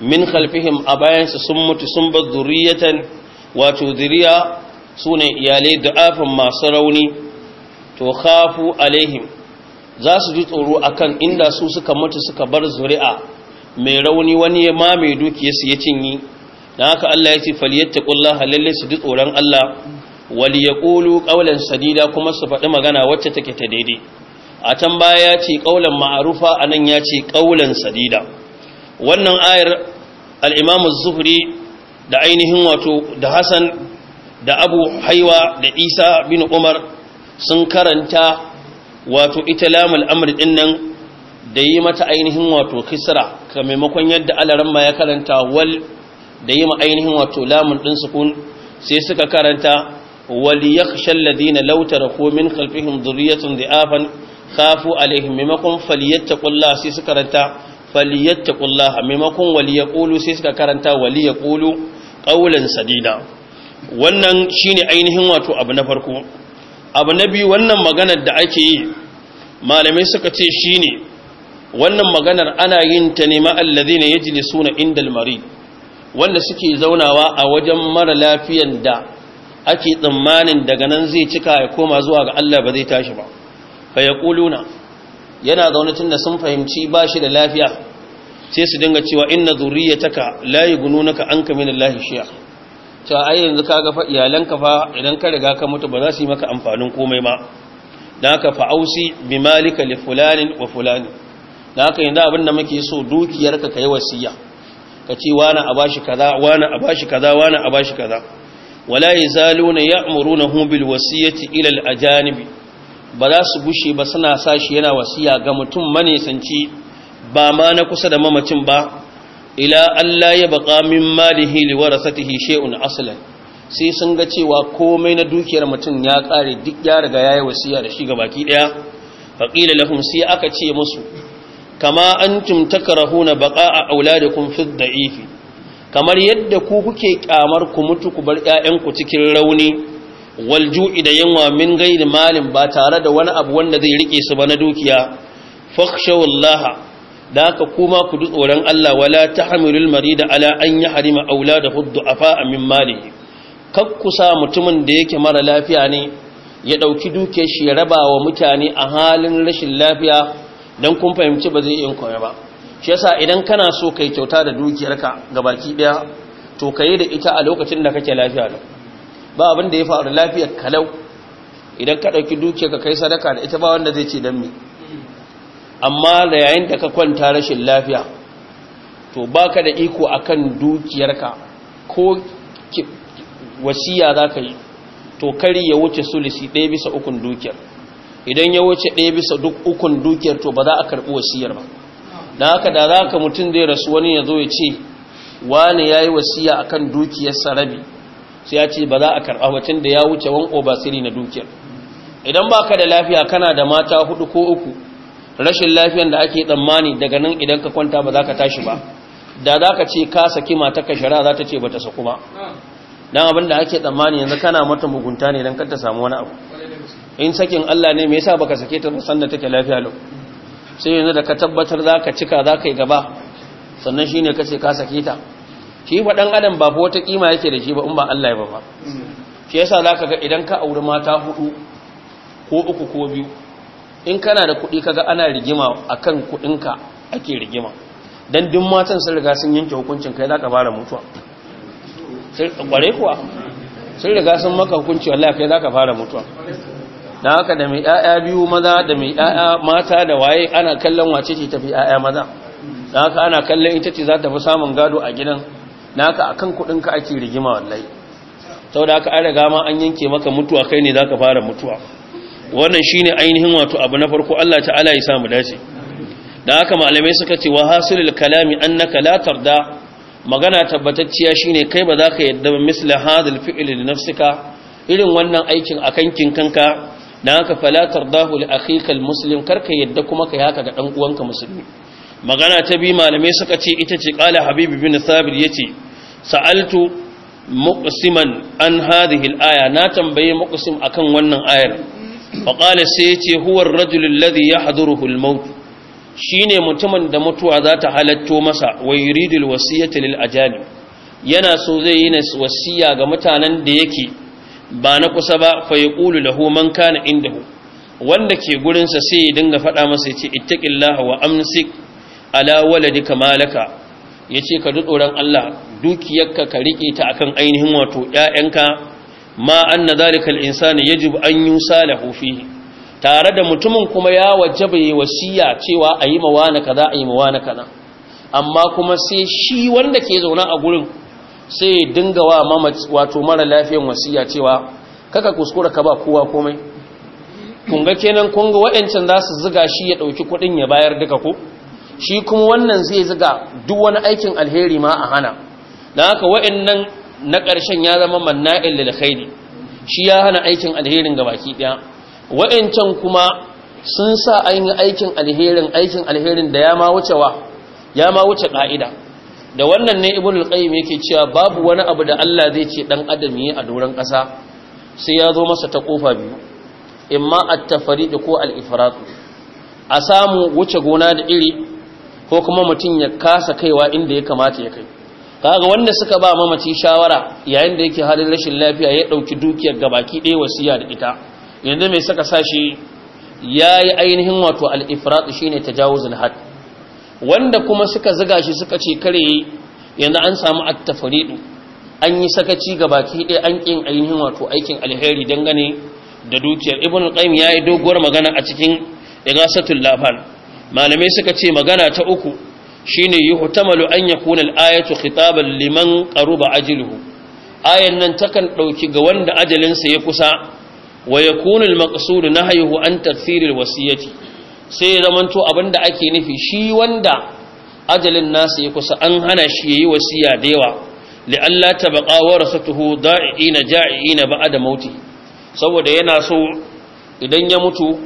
min khalfihim a bayansu sun mutu sun bar zuriyatan wato zuriya sunan iyalai da'afin masu rauni to khafu alaihim za su ji tsoro akan inda su suka mutu suka bar zuri'a mai rauni wani ya mame dukiyarsu ya cinye Na haka Allah ya ce falyattaqullaha lalle su ji tsoron Allah wali yaqulu qawlan sadida kuma su faɗi magana wacce take ta daidai a can baya ya ce qawlan ma'rufa anan ya ce qawlan sadida wannan ayar al-Imam az-Zuhri da ainihin wato da Hasan da Abu Haiwa da Isa bin Umar sun karanta wato ita lamul amr din nan da yi mata ainihin wato kisra ka maimakon yadda alaran ma ya karanta wal da yi ma ainihin wato lamun din sukun sai suka karanta wal yakhsha alladhina law taraku min khalfihim dhurriyatan dha'afan khafu alaihim maimakon falyattaqullaha sai suka karanta falyattaqullaha maimakon waliyaqulu sai suka karanta waliyaqulu qawlan sadida wannan shine ainihin wato abu na farko abu na biyu wannan maganar da ake yi malamai suka ce shi ne wannan maganar ana yin ta nema ne ya suna inda indalmari wanda suke zaunawa a wajen mara lafiyan da ake tsammanin daga nan zai cika ya koma zuwa ga Allah ba zai tashi ba fa kuluna yana zaune tun da sun fahimci ba shi da lafiya sai su dinga cewa inna zurriyataka taka layi anka an Allah shi'a cewa ai yanzu kaga fa iyalanka fa idan ka riga ka mutu ba za su yi maka amfanin komai ba dan haka fa ausi bi malika li fulanin wa fulani dan haka yanzu abin da muke so dukiyarka kai wasiya ka ce wani a bashi kaza wani a bashi kaza wani a bashi kaza wala yazaluna ya'murunahu bil wasiyati ila al ajanibi ba za su gushe ba suna sashi yana wasiya ga mutum manesanci ba ma na kusa da mamacin ba ila Allah ya baka min malihi li warasatihi shay'un aslan sai sun ga cewa komai na dukiyar mutum ya kare duk ya riga yayi wasiya da shi ga baki daya faqila lahum sai aka ce musu kama antum takrahuna baqa'a auladikum fi dha'ifi kamar yadda ku kuke kyamar ku mutu ku bar ƴaƴanku cikin rauni wal ju'i da yanwa min ghairi malin ba tare da wani abu wanda zai rike su ba na dukiya fakhshawallaha da haka kuma ku ji tsoron Allah wala tahmilul marida ala an huddu a du'afa min malihi kakkusa mutumin da yake mara lafiya ne ya ɗauki dukiyar shi ya raba wa mutane a halin rashin lafiya don kun fahimci ba zai yin koya ba shi yasa idan kana so kai kyauta da dukiyarka baki ɗaya, to kai da ita a lokacin da kake lafiya da ba abin da ya faru lafiyar kalau idan ka dauki dukiyarka kai sadaka da ita ba wanda zai ce dan me amma da yayin da ka kwanta rashin lafiya to baka da iko akan dukiyarka ko wasiya zaka yi to kari ya wuce sulusi ɗaya bisa ukun dukiyar idan ya wuce ɗaya bisa duk ukun dukiyar to ba za a karɓi wasiyar ba da haka da za ka mutum zai rasu wani ya zo ya ce wani ya yi wasiya akan kan dukiyar sarabi sai ya ce ba za a karɓa mutum da ya wuce wan obasiri na dukiyar idan ba ka da lafiya kana da mata hudu ko uku rashin lafiyan da ake tsammani daga nan idan ka kwanta ba za ka tashi ba da za ka ce ka saki ka shara za ta ce ba ta saku ba don abin da ake tsammani yanzu kana mata mugunta ne don kan ta samu wani abu in sakin Allah ne me yasa baka sake ta san da take lafiya lau sai yanzu da ka tabbatar za ka cika za ka yi gaba sannan shine ka ce ka sake ta shi ba dan adam ba wata kima yake da shi ba in ba Allah ya ba ba shi yasa ka ga idan ka auri mata hudu ko uku ko biyu in kana da kuɗi kaga ana rigima a kan kuɗinka ake rigima don duk matan sun riga sun yanke hukuncin kai za ka fara mutuwa ƙware kuwa sun riga sun maka hukunci wallah kai za ka fara mutuwa Na haka da mai ƴaƴa biyu maza da mai ƴaƴa mata da waye ana kallon wace ce tafi ƴaƴa maza Na haka ana kallon ita ce za ta fi samun gado a gidan Na haka a kan kuɗinka ake rigima wallahi saboda haka an riga ma an yanke maka mutuwa kai ne za ka fara mutuwa wannan shine ainihin wato abu na farko Allah ta'ala ya samu dace Da haka malamai suka ce wa hasilul kalami annaka la tarda magana tabbatacciya shine kai ba za ka yadda ba misla hadhal fi'li li nafsika irin wannan aikin akan kinkanka dan haka fala tardahu li akhika almuslim karka yadda kuma kai haka ga dan uwanka musulmi magana ta bi malamai suka ce ita ce qala habib bin sabir yace sa'altu muqsiman an hadhihi aya na tambaye muqsim akan wannan ayar faƙala sai ce huwar rajulun lazi ya haduruhul mautu shi ne mutumin da mutuwa za ta halatto masa wa yuridul wasiyyata lil ajali yana so zai yi wasiya ga mutanen da yake ba na kusa ba fa ya ƙulu lahu man kana indahu wanda ke gurinsa sai ya dinga faɗa masa yace ittaqillaha wa amsik ala waladika malaka yace ka duk tsoron Allah dukiyarka ka riƙe ta akan ainihin wato ƴaƴanka ma anna zalika al-insani yajib an yusalahu fihi tare da mutumin kuma ya wajaba yi wasiya cewa ayi mawana kaza ayi na kaza amma kuma sai shi wanda ke zauna a gurin sai ya dinga wa wato mara lafiyan wasiya cewa kaka kuskura ka ba kowa komai kun ga kenan kun waɗancan wayancin za su ziga shi ya ɗauki kuɗin ya bayar duka ko shi kuma wannan zai ziga duk wani aikin alheri ma a hana dan haka wayannan na ƙarshen ya zama manna'il da shi ya hana aikin alherin ga baki ɗaya wayancan kuma sun sa ainihin aikin alherin aikin alherin da ya ma wuce wa ka'ida da wannan ne ibnu al-qayyim yake cewa babu wani abu da Allah zai ce dan adam yi a doron ƙasa sai ya zo masa ta kofa biyu imma at-tafarid ko al-ifrat a samu wuce gona da iri ko kuma mutum ya kasa kaiwa inda ya kamata ya kai kaga wanda suka ba mamaci shawara yayin da yake halin rashin lafiya ya dauki dukiyar gabaki ɗaya wasiya da ita yanzu mai saka sashi yi ainihin wato al-ifrat ta tajawuzul had wanda kuma suka ziga shi suka ce kare yanzu an samu at-tafridu an yi sakaci gabaki ɗaya an kin ainihin wato aikin alheri dangane da dukiyar ibn al-qayyim yi doguwar magana a cikin igasatul laban malamai suka ce magana ta uku shine yuhtamalu an yakuna al-ayatu khitaban liman qaruba ajluhu ayan nan takan ɗauki ga wanda ajalinsa ya kusa wa yakunu al na nahyuhu an tafsirin al sai ya zamanto abinda ake nufi shi wanda ajalin nasa ya kusa an hana shi ya yi wasiya da yawa li'alla tabqa warasatuhu da'ina ja'ina ba'da mauti saboda yana so idan ya mutu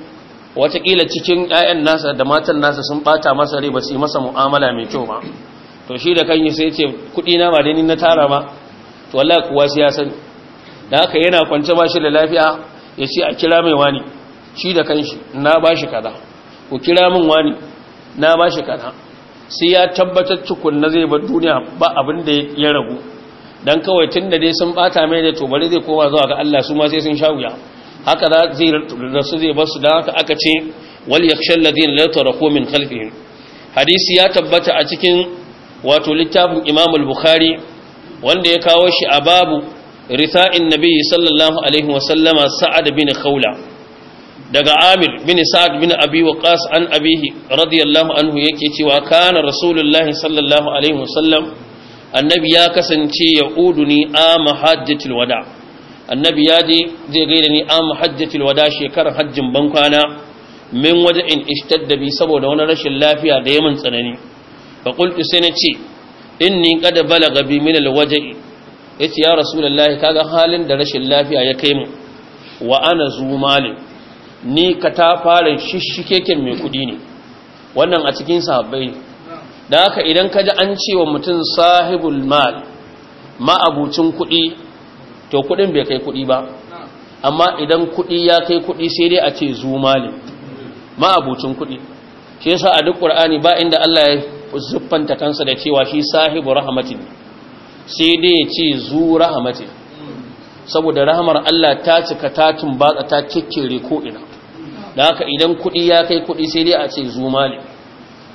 watakila cikin 'ya'yan nasa da matan nasa sun bata masa rai ba su yi masa mu'amala mai kyau ba to shi da kanyi sai ce kudi na ba ni na tara ba to Allah kuwa shi ya sani da haka yana kwance ba shi da lafiya ya ce a kira mai wani shi da kanshi na ba shi kaza ku kira min wani na ba shi kaza sai ya tabbatar na zai bar duniya ba abin da ya ragu dan kawai tun da dai sun bata mai da to bari zai koma zuwa ga Allah su ma sai sun sha wuya haka da zai rasu zai basu da haka aka ce wal yakshal ladina la taraku min khalfihim hadisi ya tabbata a cikin wato littafin Imam al-Bukhari wanda ya kawo shi a babu risa'in nabi sallallahu alaihi wa sallama sa'ad bin khawla daga Amir bin Sa'ad bin Abi Waqqas an abihi radiyallahu anhu yake cewa kana rasulullahi sallallahu alaihi wa sallam annabi ya kasance ya uduni a mahajjatul wada' annabi ya je zai gaida ni am hajjatul wada shekarar hajjin bankwana min waje in ishtadda bi saboda wani rashin lafiya da yamin tsanani fa qultu sai na ce inni qad balaga bi min alwaji yace ya rasulullahi kaga halin da rashin lafiya ya kai mu wa ana zumalin ni ka ta fara shishikeken mai kudi ne wannan a cikin sahabbai da haka idan ka ji an ce wa mutum sahibul mal kuɗi. kudi to kuɗin bai kai kuɗi ba amma idan kuɗi ya kai kuɗi sai dai a ce zu ma abucin kuɗi shi yasa a duk qur'ani ba inda Allah ya zuffanta kansa da cewa shi sahibu rahmatin sai dai ya ce zu rahmatin saboda rahmar Allah ta cika ta tumbatsa ta kikkire ko ina da haka idan kuɗi ya kai kuɗi sai dai a ce zu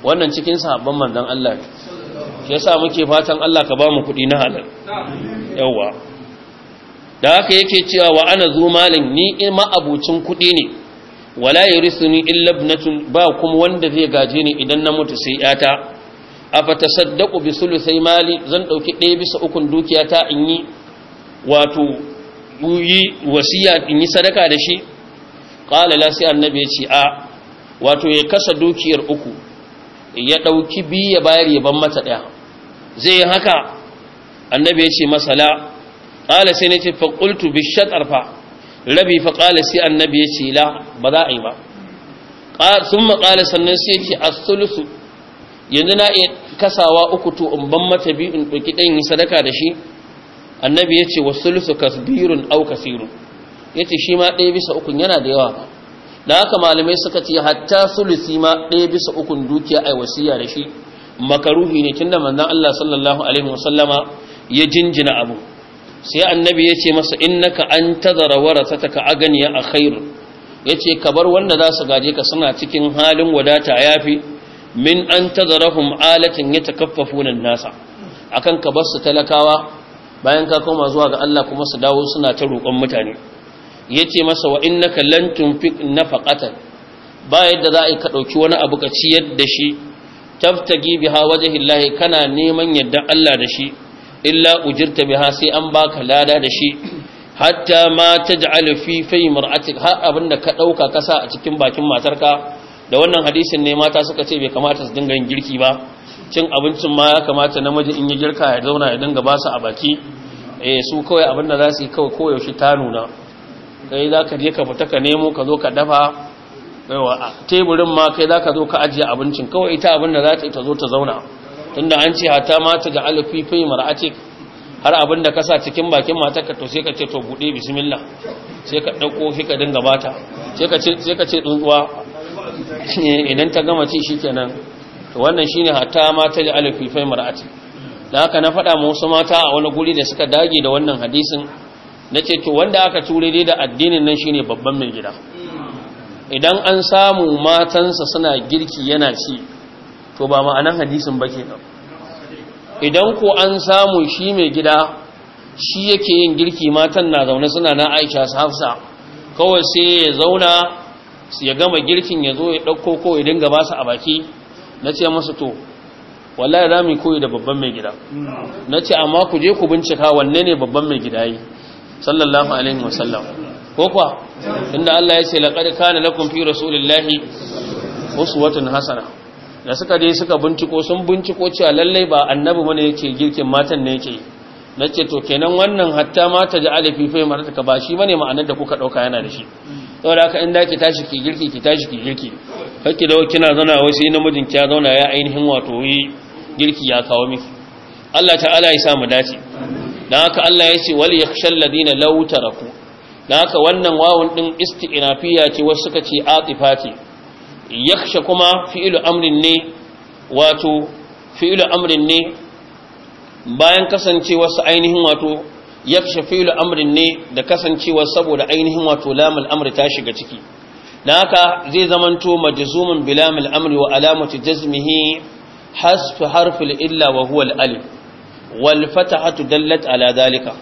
wannan cikin sahabban manzon Allah ne shi yasa muke fatan Allah ka ba mu kuɗi na halal yawa da haka yake cewa wa ana zu malin ni ma abucin kuɗi ne wala yarisuni illa ibnatun ba kuma wanda zai gaje ni idan na mutu sai yata afa tasaddaqu bi sulusai mali zan dauki ɗaya bisa ukun dukiyata in yi wato yi wasiya in yi sadaka da shi qala la sai annabi ya ce a wato ya kasa dukiyar uku ya dauki biya bayar ya ban mata ɗaya zai haka annabi ya ce masala qala sai nace fa qultu bi shatar fa rabi fa qala sai annabi yace la ba za a yi ba qala thumma qala sannan sai yace as-sulusu yanzu na iya kasawa uku to in ban mata biyu in ɗauki ɗan yi sadaka da shi annabi ya ce wasu kasbirun au kasirun ya ce shi ma ɗaya bisa ukun yana da yawa da haka malamai suka ce hatta sulusi ma ɗaya bisa ukun dukiya ai wasiya da shi makaruhi ne tunda manzon Allah sallallahu alaihi wasallama ya jinjina abu sai annabi ya ce masa innaka an tazara warasataka aganiya a khairu ya ce ka bar wanda za su gaje ka suna cikin halin wadata ya fi min an zarafin alatin ya takaffafu nasa akan ka bar talakawa bayan ka koma zuwa ga Allah kuma su dawo suna ta roƙon mutane ya ce masa wa innaka fi na faƙatar ba yadda za a yi ka ɗauki wani abu ka ciyar da shi ha biha wajhillahi kana neman yadda Allah da shi illa ujirta biha sai an baka lada da shi hatta ma taj'al fi fi mar'atik har abinda ka dauka kasa a cikin bakin matarka da wannan hadisin ne mata suka ce bai kamata su dinga yin girki ba cin abincin ma ya kamata namiji in ya girka ya zauna ya dinga ba su a baki eh su kawai abinda za su yi kawai yaushe ta nuna kai za ka je ka fita ka nemo ka zo ka dafa teburin ma kai za ka zo ka ajiye abincin kawai ita abinda za ta yi ta zo ta zauna tunda an ce hata ma ta ja'alu fi fi mar'atik har abin da kasa cikin bakin matarka to sai ka ce to bude bismillah sai ka dauko shi ka dinga bata sai ka ce sai ka ce tsuntsuwa eh, idan ta gama ci shikenan to wannan shine hata ma ta ja'alu fi fi mar'atik da haka na faɗa mu wasu mata a wani guri da suka dage da wannan hadisin na ce to wanda aka ture dai da addinin nan shine babban mai gida idan an samu matansa suna girki yana ci to ba ma'anan hadisin ba ke nan. idan ku an samu shi mai gida shi yake yin girki matan na zaune suna na aisha su hafsa kawai sai ya zauna ya gama girkin ya zo ya ɗauko ko ya dinga su a baki na ce masa to wallahi za mu koyi da babban mai gida na ce amma ku je ku bincika wanne ne babban mai gida yi sallallahu alaihi wasallam ko kuwa inda Allah ya ce laqad kana lakon fi wasu watan hasana da suka je suka binciko sun binciko cewa lallai ba annabi bane yake girkin matan ne yake nace to kenan wannan hatta mata da alifi fa ka ba shi bane ma'anar da kuka dauka yana da shi saboda haka in da ki tashi ki girki ki tashi ki girki hakki dawo kina zana wai sai namijin ki ya zauna ya ainihin wato yi girki ya kawo miki Allah ta'ala ya sa mu dace dan haka Allah ya ce wal yakhshal ladina law taraku dan haka wannan wawun din isti'nafiya ce wasu suka ce atifati yakhsha kuma filu amrin ne wato filu amrin ne bayan kasancewar ainihin wato yakhsha fi'ilu amrin ne da kasancewa saboda ainihin wato lamul amri ta shiga ciki dan haka zai zamanto majzumun bilamul amri wa alamati jazmihi hasfu harfil illa wa huwa alif wal fatahatu dallat ala dhalika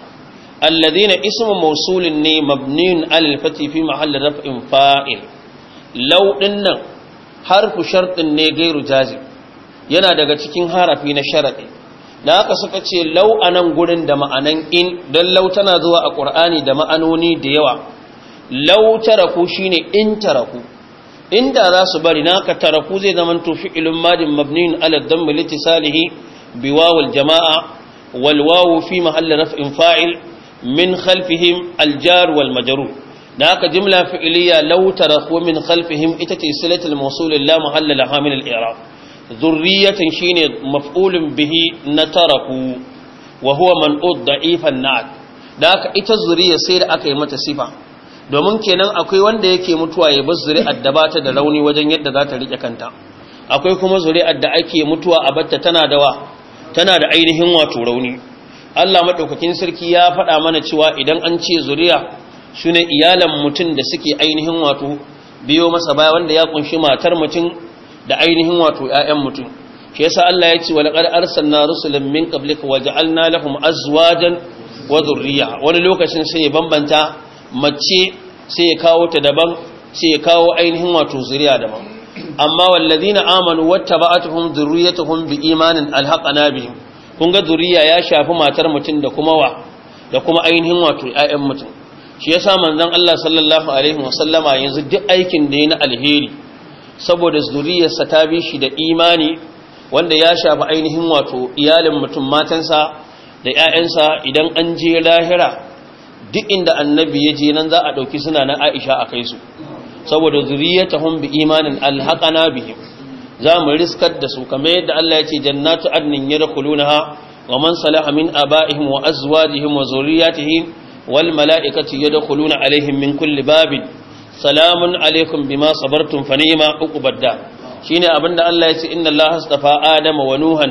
الذين اسم موصول مبني على الفتح في محل رفع فاعل لو ان harfu sharɗin ne gairu jazi yana daga cikin harafi na sharaɗi da haka suka ce lau a nan gurin da ma'anan in don lau tana zuwa a ƙur'ani da ma'anoni da yawa lau taraku shine in taraku inda za su bari na ka taraku zai zama tufi ilin madin mabnin aladdan militi salihi biwawul jama'a والواو في محل رفع فاعل من خلفهم الجار والمجرور da haka jimla fi'iliya law tarahu min khalfihim ita ce silatul mawsul la mahalla laha min al-i'rab shine maf'ulun bihi na taraku wa huwa man'ud da'ifan na'at da haka ita zuriya sai da aka yi mata sifa domin kenan akwai wanda yake mutuwa ya bar zuri'ar da bata da rauni wajen yadda za ta rike kanta akwai kuma zuri'ar da ake mutuwa a batta tana da wa tana da ainihin wato rauni Allah madaukakin sarki ya faɗa mana cewa idan an ce zuriya su ne iyalan mutum da suke ainihin wato biyo masa baya wanda ya kunshi matar mutum da ainihin wato 'ya'yan mutum shi yasa Allah ya ce wa laqad arsalna rusulan min qablik wa ja'alna lahum azwajan wa dhurriya wani lokacin sai ya bambanta mace sai ya kawo ta daban sai ya kawo ainihin wato zuriya daban amma wallazina amanu wattaba'atuhum dhurriyyatuhum biimanin alhaqana bihim kun ga zuriya ya shafi matar mutum da kuma wa da kuma ainihin wato 'ya'yan mutum shi yasa manzon Allah sallallahu alaihi wasallama yanzu duk aikin da ya na alheri saboda zuriyarsa ta bi shi da imani wanda ya shafi ainihin wato iyalin mutum matansa da 'ya'yansa idan an je lahira duk inda annabi ya je nan za a ɗauki suna na aisha a kai su saboda zuriyatahum bi imanin alhaqana bihim za mu riskar da su kamar yadda Allah ya ce jannatu adnin yadkhulunaha wa man salaha min abaihim wa azwajihim wa zurriyatihim wal mala'ikatu yadkhuluna alaihim min kulli babin salamun alaikum bima sabartum fa ni'ma uqbadda shine abinda Allah ya ce inna Allah astafa adama wa nuhan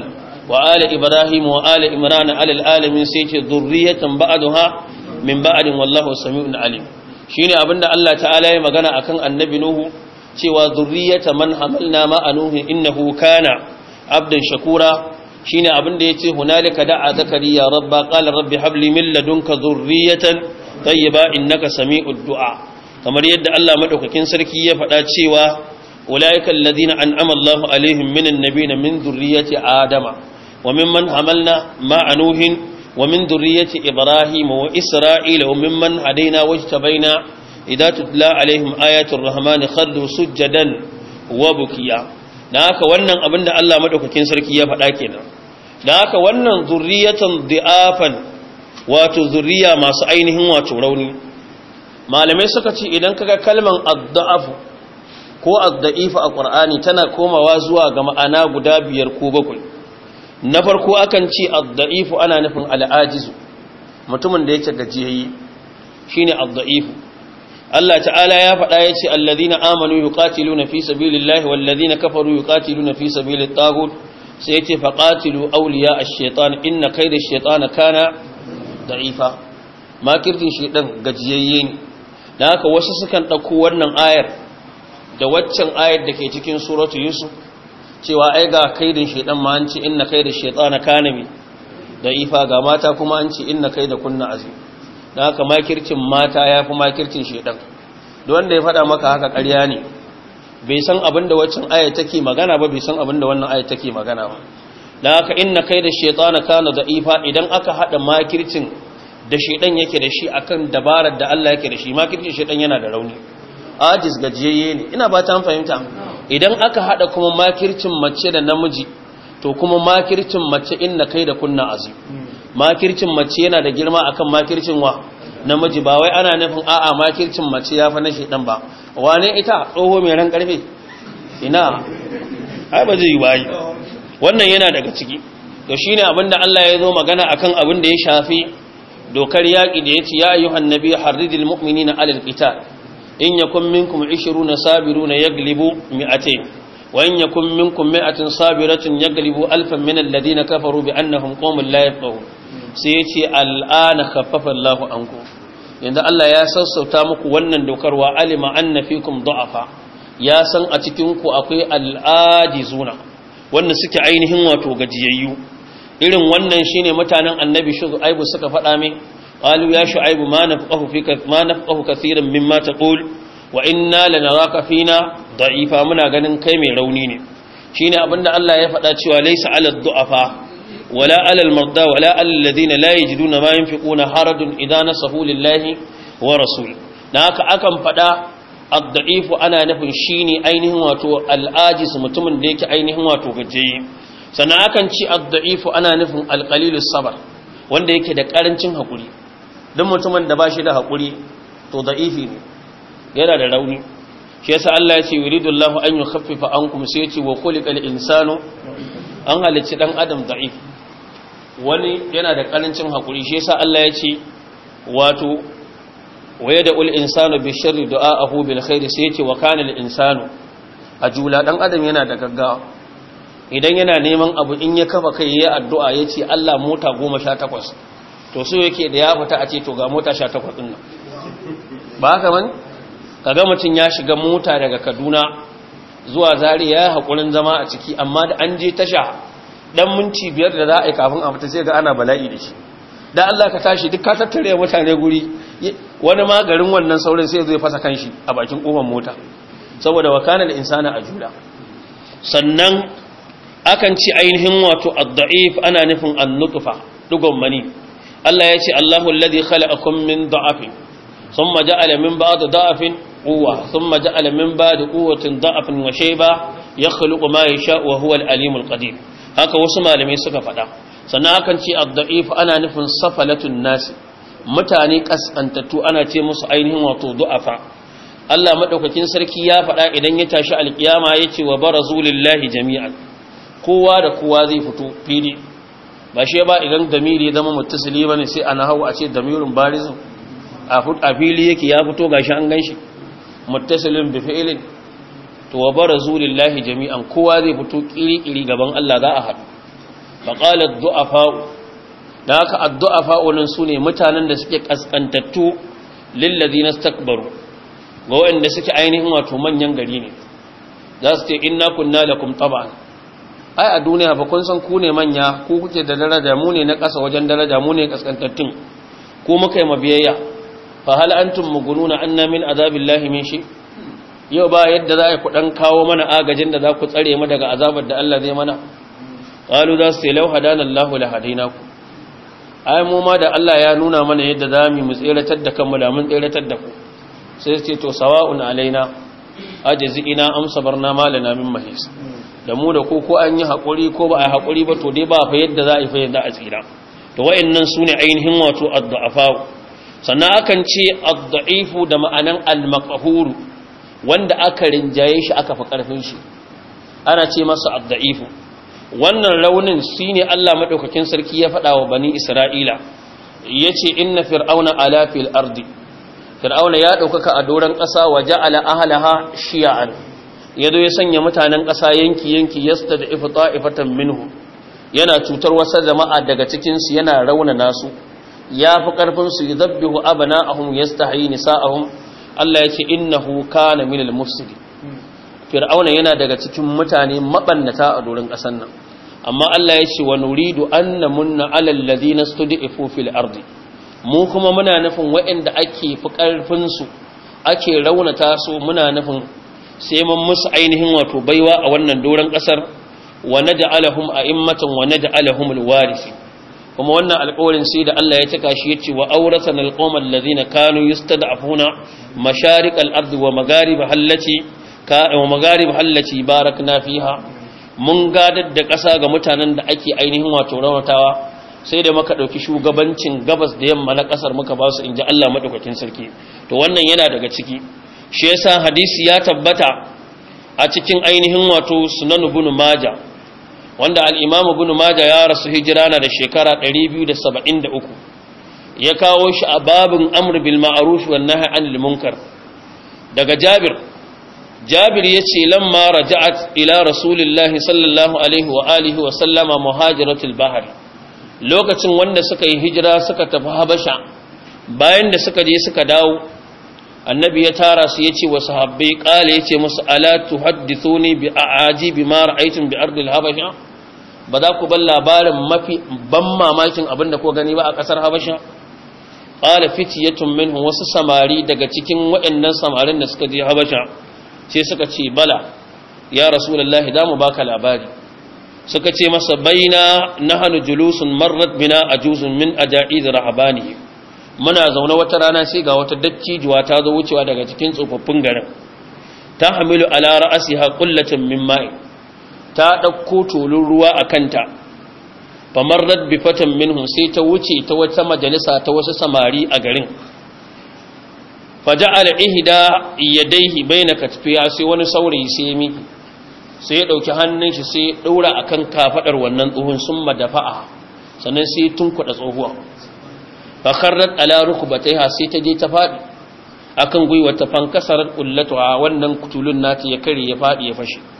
wa ibrahim wa ala imran ala alamin sai ce zurriyatan ba'daha min ba'din wallahu samiun alim shine abinda Allah ta'ala ya magana a kan annabi nuhu cewa zurriyata man hamalna ma anuhu innahu kana abdan shakura shi ne abinda ya ce hunalika da a zakariya rabba kala rabbi habli min ladunka zurriyatan tayyiba innaka sami'ud du'a kamar yadda Allah madaukakin sarki ya faɗa cewa ulaika alladhina an'ama Allahu alaihim minan nabiyina min zurriyati adama wa mimman hamalna ma'a wa min zurriyati ibrahim wa isra'ila wa mimman hadaina wajtabaina idza tutla alaihim ayatul rahman khallu sujadan wa bukiya da haka wannan abin da Allah madaukakin sarki ya faɗa kenan da haka wannan zurriyatan zi'afan wato zurriya masu ainihin wato rauni malamai suka ce idan kaga kalman adda'afu ko adda'ifa a qur'ani tana komawa zuwa ga ma'ana guda biyar ko bakwai na farko akan ce adda'ifu ana nufin al'ajizu mutumin da yake gajiyayye shine adda'ifu Allah ta'ala ya faɗa ya ce alladhina amanu yuqatiluna fi sabilillahi walladhina kafaru yuqatiluna fi sabilit taghut sai yace faqatilu awliya ash-shaytan inna kayda ash-shaytana kana da'ifa makirtin shedan gajiyayye ne dan haka wasu sukan dauko wannan ayar da waccan ayar da ke cikin suratu yusuf cewa ai ga kaidin shedan ma an ce inna kayda ash-shaytana kana mi da'ifa ga mata kuma an ce inna kayda kunna azim dan haka makircin mata yafi makircin shedan don wanda ya faɗa maka haka ƙarya ne bai san abin da waccan aya take magana ba bai san abin da wannan aya take magana ba dan haka inna kai da shaytana kana da'ifa idan aka hada makircin da shaydan yake da shi akan dabarar da Allah yake da shi makircin shaydan yana da rauni ajis gajiyeye ne ina ba ta fahimta idan aka hada kuma makircin mace da namiji to kuma makircin mace inna kai da kunna azim makircin mace yana da girma akan makircin wa namiji ba wai ana nufin a'a makircin mace yafi na shaydan ba wane ita tsoho mai ran karfe ina ai ba zai yi bayi wannan yana daga ciki to shine abinda Allah ya zo magana akan abin da ya shafi dokar yaƙi da ya ce ya ayyuhan nabi harridil mu'minina alal qital in yakun minkum 20 sabiruna yaglibu mi'atayn wa in yakun minkum mi'atun sabiratun yaglibu alfan min alladhina kafaru bi annahum qaumun la yafqahun sai ya ce al'ana khaffafa Allahu ankum yanzu Allah ya sassauta muku wannan dokar wa alima anna fikum du'afa ya san a cikin ku akwai al'ajizuna wanda suke ainihin wato gajiyayyu irin wannan shine mutanen annabi shu'aibu suka faɗa mai qalu ya shu'aibu ma nafqahu fika ma nafqahu kaseeran mimma taqul wa inna lanaraka fina da'ifa muna ganin kai mai rauni ne shine abinda Allah ya faɗa cewa laysa 'ala du'afa wala alal marda wala alal ladina la yajiduna ma yunfiquna haradun idan nasahu lillahi wa Na haka akan fada ad-da'ifu ana nufin shine ainihin wato al-ajiz mutumin da yake ainihin wato gaje sannan akan ci ad-da'ifu ana nufin al-qalilus sabr wanda yake da karancin hakuri dan mutumin da bashi da hakuri to da'ifi ne yana da rauni shi yasa Allah ya ce yuridullahu an yukhaffifa ankum sai ya ce wa khuliqal insanu an halicci dan adam da'if wani yana da karancin hakuri shi yasa Allah ya ce wato waya da ul insanu bi sharri du'aahu bil khair sai yace wa kana al insanu ajula dan adam yana da gaggawa idan yana neman abu in ya kafa kai yayi addu'a yace Allah mota 18 to sai yake da ya fita a ce to ga mota 18 din nan ba haka bane kaga mutun ya shiga mota daga Kaduna zuwa Zaria ya hakurin zama a ciki amma da an je tasha dan minti biyar da za a yi kafin a fita sai ga ana bala'i da shi da Allah ka tashi duk ka tattare mutane guri wani garin wannan saurin sai zai fasa kanshi a bakin kofar mota saboda wakanan insana a jula sannan akan ci ainihin wato ad-da'if ana nufin an-nutfa dugon mani Allah ya ce Allahu alladhi khalaqakum min da'afin thumma ja'ala min ba'di da'afin quwwa thumma ja'ala min ba'di quwwatin da'afin wa shayba yakhluqu ma yasha'u wa huwa al-alimul qadir haka wasu malamai suka faɗa sannan akan ce ad-da'if ana nufin safalatun nasi mutane kaskantattu ana ce musu ainihin wato du'afa Allah madaukakin sarki ya faɗa idan ya tashi alkiyama yace wa barazu lillahi jami'an kowa da kowa zai fito fili ba shi ba idan damiri zama muttasili bane sai ana hawo a ce Damirun barizin a fili yake ya fito gashi an ganshi muttasilin bi fi'ilin to wa barazu lillahi jami'an kowa zai fito kiri-kiri gaban Allah za a haɗu ad du'afa da haka duafa wannan sune mutanen da suke kaskantattu lil ladina istakbaru ga wanda suke ainihin wato manyan gari ne za su ce inna kunna lakum tab'an ai a duniya ba kun san ku ne manya ku kuke da daraja mu ne na ƙasa wajen daraja mu ne kaskantattun ku muka yi mabiyayya fa hal antum mugununa anna min azabillahi min shi' yau ba yadda za a yi kudan kawo mana agajin da za ku tsare ma daga azabar da Allah zai mana qalu za su lau hadana Allah la ku ai mu ma da Allah ya nuna mana yadda za mu mu tsiratar da kanmu da mun tsiratar da ku sai ce to sawa'un alaina ina am sabarna malana min mahis da mu da ku ko an yi hakuri ko ba a yi hakuri ba to dai ba fa yadda za a yi fa yadda a tsira to wayannan sune ainihin wato ad sannan akan ce ad-da'ifu da ma'anan al-maqhuru wanda aka rinjaye shi aka fi ƙarfin shi ana ce masa abda'ifu wannan raunin shi ne Allah maɗaukakin sarki ya faɗa wa bani isra'ila ya ce inna fir'auna ala fil ardi fir'auna ya ɗaukaka a doron ƙasa wa ja'ala ahalaha shiya'an ya zo ya sanya mutanen ƙasa yanki yanki yasta da ifa ta'ifatan minhu yana cutar wasa jama'a daga cikinsu yana raunana su ya fi ƙarfinsu su zabbihu abana ahum yasta hayi Allah ya ce innahu kana minal mufsidin fir'auna yana daga cikin mutane mabannata a doron ƙasar nan amma Allah ya ce wa nuridu annamunna alal ladina studifu fil ardi mu kuma muna nufin waɗanda ake fi ƙarfin su ake raunata su muna nufin sai mun musu ainihin wato baiwa a wannan doron ƙasar wa naj'alahum a'immatan wa naj'alahum alwarisi kuma wannan alƙawarin sai da Allah ya cika shi yace wa auratan alqawmal ladina kanu yustad'afuna masharik al-ard wa magarib halati ka wa magarib halati barakna fiha mun gadar da ƙasa ga mutanen da ake ainihin wato rawatawa sai da muka ɗauki shugabancin gabas da yamma na ƙasar muka ba su in ji Allah maɗaukakin sarki to wannan yana daga ciki shi yasa hadisi ya tabbata a cikin ainihin wato sunan ibn maja wanda al-imam Maja ya rasu hijira na da shekara 273 ya kawo shi a babin amr bil ma'ruf wan nahy anil limunkar. daga jabir jabir ya ce lamma raja'at ila rasulillahi sallallahu alaihi wa alihi wa sallama muhajiratul bahari lokacin wanda suka yi hijira suka tafi habasha bayan da suka je suka dawo annabi ya tara su yace wa sahabbai ya ce musu ala tuhaddithuni bi a'aji bima ra'aytum bi ardil habasha ba za ku bar labarin mafi ban mamakin abin da ku gani ba a ƙasar habasha ƙala ya minhu wasu samari daga cikin waɗannan samarin da suka je habasha sai suka ce bala ya rasulullahi da mu baka labari suka ce masa baina nahnu julusun marrat bina ajuzun min ajaiz rahabani muna zaune wata rana sai ga wata dattijuwa ta zo wucewa daga cikin tsofaffin garin ta hamilu ala ra'asiha qullatan min ma'i ta ɗauko tulun ruwa a kanta famarrat bi fatan minhu sai ta wuce ta wata majalisa ta wasu samari a garin faja'ala ihda yadayhi baina katfiya sai wani saurayi sai mi sai ya dauki hannun shi sai ya daura akan kafaɗar wannan tsohon sun madafa'a sannan sai kuɗa tsohuwa fa kharrat ala rukbatayha sai ta je ta fadi akan gwiwa ta fankasarar a wannan kutulun nata ya kare ya fadi ya fashe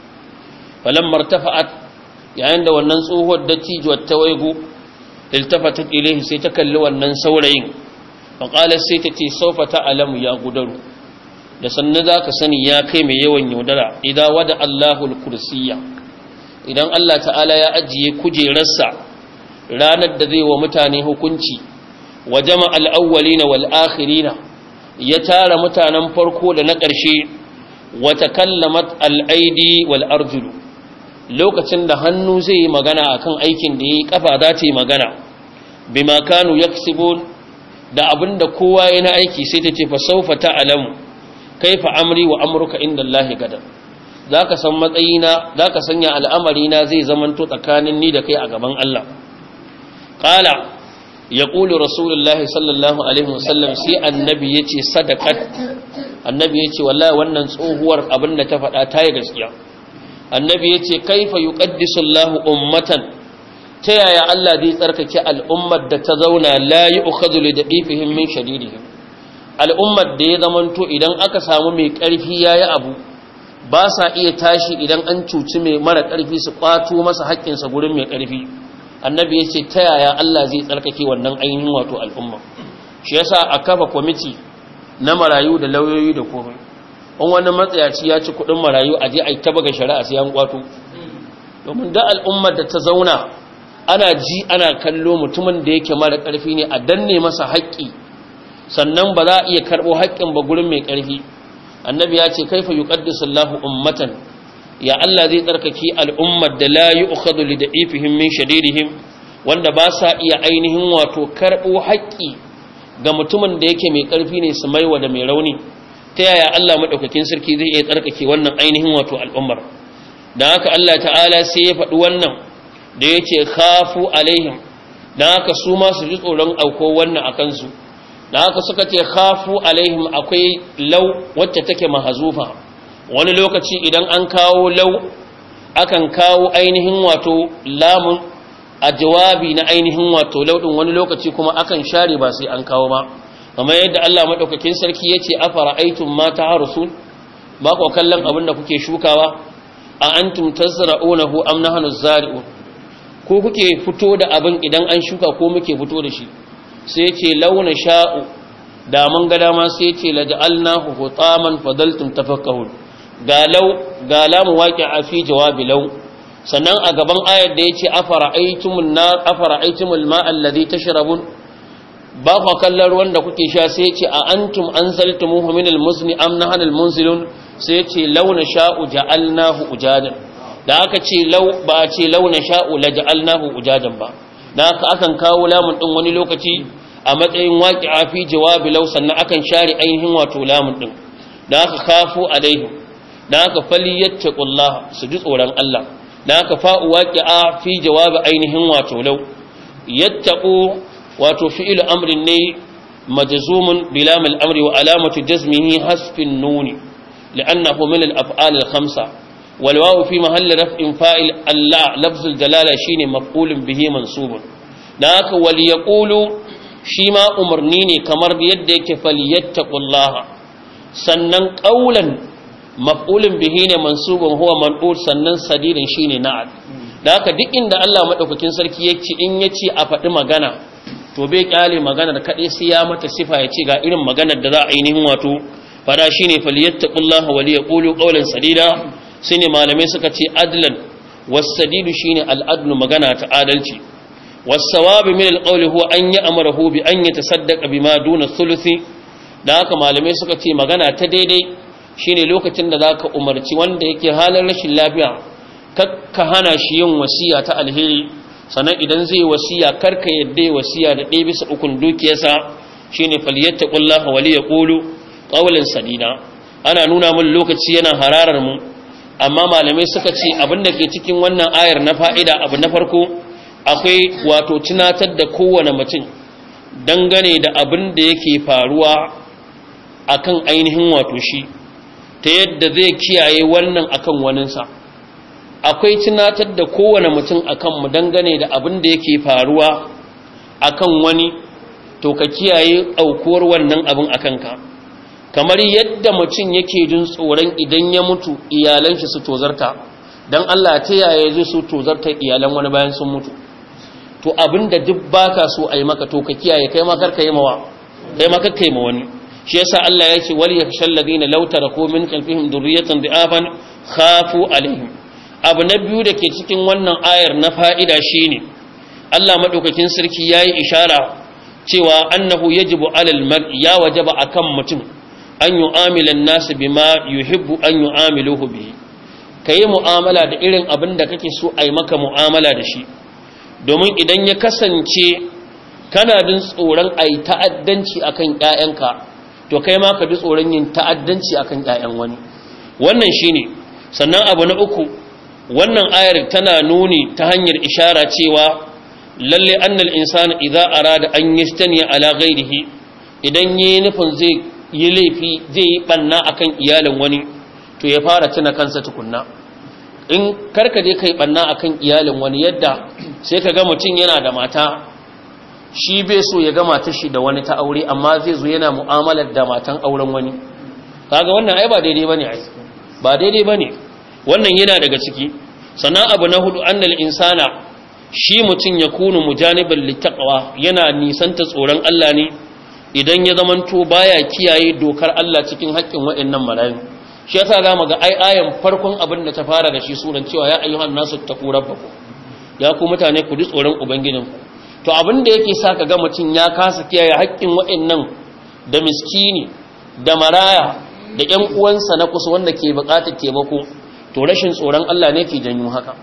falamma tafa'at yayin da wannan tsohuwar dattijuwar ta waigo iltafatat ilayhi sai ta kalli wannan saurayin fa sai ta ce sawfa ta'lamu ya gudaru da sannan zaka sani ya kai mai yawan yaudara idan wada Allahul kursiyya idan Allah ta'ala ya ajiye kujerarsa ranar da zai wa mutane hukunci wa jama'al awwalina wal akhirina ya tara mutanen farko da na ƙarshe wa takallamat al aidi wal arjulu lokacin da hannu zai yi magana akan aikin da yi kafa za ta yi magana bima kanu yaksibun da abinda kowa na aiki sai ta ce fa alamu. Kai fa amri wa Amurka inda Allah gadan zaka san matsayina sanya al'amarina na zai zamanto tsakanin ni da kai a gaban Allah Ƙala. yaqulu rasulullahi sallallahu alaihi wasallam sai annabi yace sadakat annabi yace wallahi wannan tsohuwar abinda ta faɗa ta yi gaskiya annabi ya ce kaifa yuqaddisu Allahu ummatan ta yaya Allah zai tsarkake al'ummar da ta zauna layi yu'khadhu da ɗifihin min shadidihim al'ummar da ya zamanto idan aka samu mai ƙarfi ya yi abu ba sa iya tashi idan an cuci mai mara ƙarfi su ƙwato masa haƙƙinsa gurin mai ƙarfi annabi ya ce ta yaya Allah zai tsarkake wannan ainihin wato al'umma shi yasa a kafa kwamiti na marayu da lauyoyi da komai in wani matsayaci ya ci kudin marayu a je a yi taba ga shari'a sai an kwato domin da al'ummar da ta zauna ana ji ana kallo mutumin da yake mara karfi ne a danne masa haƙƙi sannan ba za a iya karɓo haƙƙin ba gurin mai karfi annabi ya ce kaifa yuqaddisu Allahu ummatan ya Allah zai tsarkake al'ummar da la yu'khadhu li da'ifihim min shadidihim wanda ba sa iya ainihin wato karɓo haƙƙi ga mutumin da yake mai karfi ne su maiwa da mai rauni ta yaya Allah maɗaukakin sarki zai iya tsarkake wannan ainihin wato al'ummar dan haka Allah ta'ala sai ya faɗi wannan da yace khafu alaihim dan haka su ma su ji tsoron auko wannan akan su dan haka suka ce kafu alaihim akwai law wacce take mahazufa wani lokaci idan an kawo law akan kawo ainihin wato lamun a jawabi na ainihin wato laudin wani lokaci kuma akan share ba sai an kawo ba kamar yadda Allah madaukakin sarki yace afara aitum ma taharusun ba ku kallon abin da kuke shukawa a antum tazra'unahu am nahnu zari'un ko kuke fito da abin idan an shuka ko muke fito da shi sai yace launa sha'u da mun ga dama sai yace laj'alnahu hutaman fadaltum tafakkahun ga galamu waqi'a fi jawabi law sannan a gaban ayar da yace afara aitumul nar afara aitumul ma alladhi tashrabun ba ku kallon ruwan da kuke sha sai ce a antum anzaltumuhu minal muzni am nahnu almunzilun sai ce launa sha'u ja'alnahu ujadan da aka ce law ba ce launa sha'u la ja'alnahu ujadan ba da aka akan kawo lamun din wani lokaci a matsayin waqi'a fi jawabi law sannan akan share ainihin wato lamun din da aka kafu alaihi da aka fali yattaqullaha su ji tsoron Allah da aka fa'u waqi'a fi jawabi ainihin wato law yattaqu wato fi'il amrin ne majazumun bilamil amri wa alamatu jazmihi hasfin nuni li'annahu min al-af'al al fi mahall raf'in fa'il Allah lafz al shi ne mafulin bihi mansubun dan haka wal yaqulu shi ma umarni ne kamar yadda yake falyattaqullaha sannan ƙaulan mafulin bihi ne mansubun huwa man'ul sannan sadidin shine na'at da haka duk inda Allah madaukakin sarki ya ce in ya ce a faɗi magana to bai kyale maganar kaɗai sai ya mata sifa ya ce ga irin maganar da za a ainihin wato fada shi ne faliyattakullaha wali ya ƙulu ƙaunar sadida sai ne malamai suka ce adlan wasadidu shi ne al'adlu magana ta adalci sawabi min alƙauli huwa an yi amara hobi an yi ta saddaka bi ma duna sulusi da haka malamai suka ce magana ta daidai shi ne lokacin da za ka umarci wanda yake halar rashin lafiya ka hana shi yin wasiya ta alheri sannan idan zai wasiya karka yadda ya wasiya da ɗaya bisa ukun dukiyarsa shine falyattaqullaha ya liyaqulu qawlan sadida ana nuna mun lokaci yana hararar mu amma malamai suka ce abinda ke cikin wannan ayar na fa'ida abu na farko akwai wato tunatar da kowane mutum dangane da abin da yake faruwa akan ainihin wato shi ta yadda zai kiyaye wannan akan waninsa akwai tunatar da kowane mutum akan mu dangane da abin da yake faruwa akan wani to ka kiyaye aukuwar wannan abin akan ka kamar yadda mutum yake jin tsoron idan ya mutu iyalan shi su tozarta dan Allah ta yaya zai su tozarta iyalan wani bayan sun mutu to abin da duk baka so a maka to ka kiyaye kai ma karka yi mawa kai ma karka yi ma wani shi yasa Allah ya ce wal yakhshal ladina law tarakum min khalfihim dhurriyatan dha'afan khafu alaihim abu na biyu da ke cikin wannan ayar na fa'ida shi ne allah maɗaukakin sarki ya yi ishara cewa annahu yajibu alal mar ya wajaba kan mutum an yi amilan nasu bima yuhibbu an yi amilu bihi ka yi mu'amala da irin abin da kake so a yi maka mu'amala da shi domin idan ya kasance kana bin tsoron a yi ta'addanci a kan ‘ya'yanka to kai ma ka bi tsoron yin ta'addanci a kan ‘ya'yan wani wannan shi ne sannan abu na uku wannan ayar tana nuni ta hanyar ishara cewa lalle annal insani idza arada an yastani ala ghairihi idan yayi nufin zai yi laifi zai yi banna akan iyalin wani to ya fara tuna kansa tukunna in karka je kai banna akan iyalin wani yadda sai ka ga mutum yana da mata shi bai so ya ga matar shi da wani ta aure amma zai zo yana mu'amalar da matan auren wani kaga wannan ai ba daidai bane ai ba daidai bane wannan yana daga ciki sannan abu na hudu annal insana shi mutum ya kunu mujanibin littaqwa yana nisanta tsoron Allah ne idan ya zamanto baya kiyaye dokar Allah cikin haƙƙin wa'annan marayu. shi yasa zamu ga ai ayan farkon abin da ta fara da shi suran cewa ya ayyuhan nasu taqu rabbakum ya ku mutane ku ji tsoron ku. to abin da yake sa ka ga mutum ya kasa kiyaye haƙƙin wa'annan da miskini da maraya da ƴan uwansa na kusa wanda ke buƙatar taimako to rashin tsoron Allah ne ke janyo haka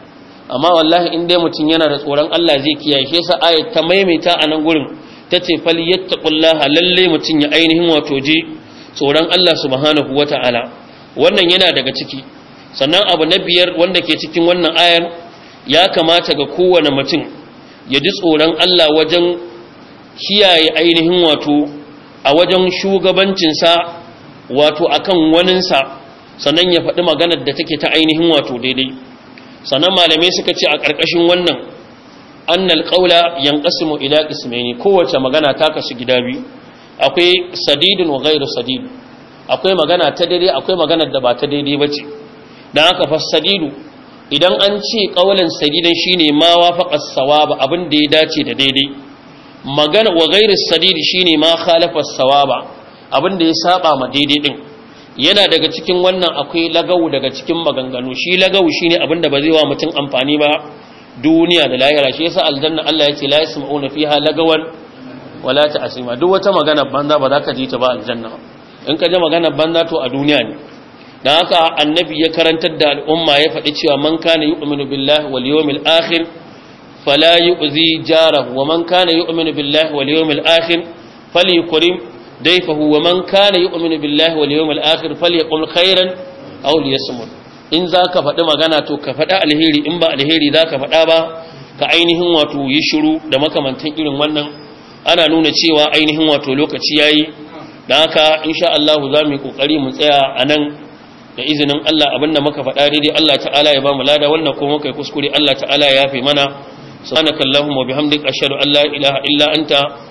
amma wallahi in dai mutum yana da tsoron Allah zai kiyaye sa ayat ta maimaita a nan gurin tace fal yattaqullaha lalle mutum ya ainihin wato je tsoron Allah subhanahu wataala wannan yana daga ciki sannan abu na biyar wanda ke cikin wannan ayar ya kamata ga kowane mutum ya ji tsoron Allah wajen kiyaye ainihin wato a wajen shugabancinsa wato akan waninsa sannan ya faɗi maganar da take ta ainihin wato daidai sannan malamai suka ce a ƙarƙashin wannan annal qaula yanqasimu ila qismaini kowace magana ta kasu gida biyu akwai sadidun wa ghairu sadid akwai magana ta daidai akwai magana da ba ta daidai ba bace dan haka sadidu, idan an ce qaulan sadidan shine ma wafaqa sawaba abin da ya dace da daidai magana wa ghairu sadidi shine ma khalafa sawaba abin da ya saba ma daidai din yana daga cikin wannan akwai lagawu daga cikin maganganu shi lagawu shine abin da ba zai wa mutum amfani ba duniya da lahira shi yasa aljanna Allah ya ce la yasma'una fiha lagawan wala ta'sima duk wata magana banza ba za ka ji ta ba aljanna in ka ji magana banza to a duniya ne dan haka annabi ya karantar da al'umma ya faɗi cewa man kana yu'minu billahi wal yawmil akhir fala yu'zi jarahu wa man kana yu'minu billahi wal yawmil akhir falyukrim daifahu wa man kana yu'minu billahi wal yawmil akhir falyaqul khairan aw liyasmut in zaka faɗi magana to ka faɗi alheri in ba alheri zaka faɗa ba ka ainihin wato yi shiru da makamantan irin wannan ana nuna cewa ainihin wato lokaci yayi da haka insha Allah za mu yi ƙoƙari mu tsaya a nan da izinin Allah abinda muka faɗa daidai Allah ta'ala ya ba mu lada wannan kuma muka yi kuskure Allah ta'ala ya yafe mana subhanakallahumma wa bihamdika ashhadu an la ilaha illa anta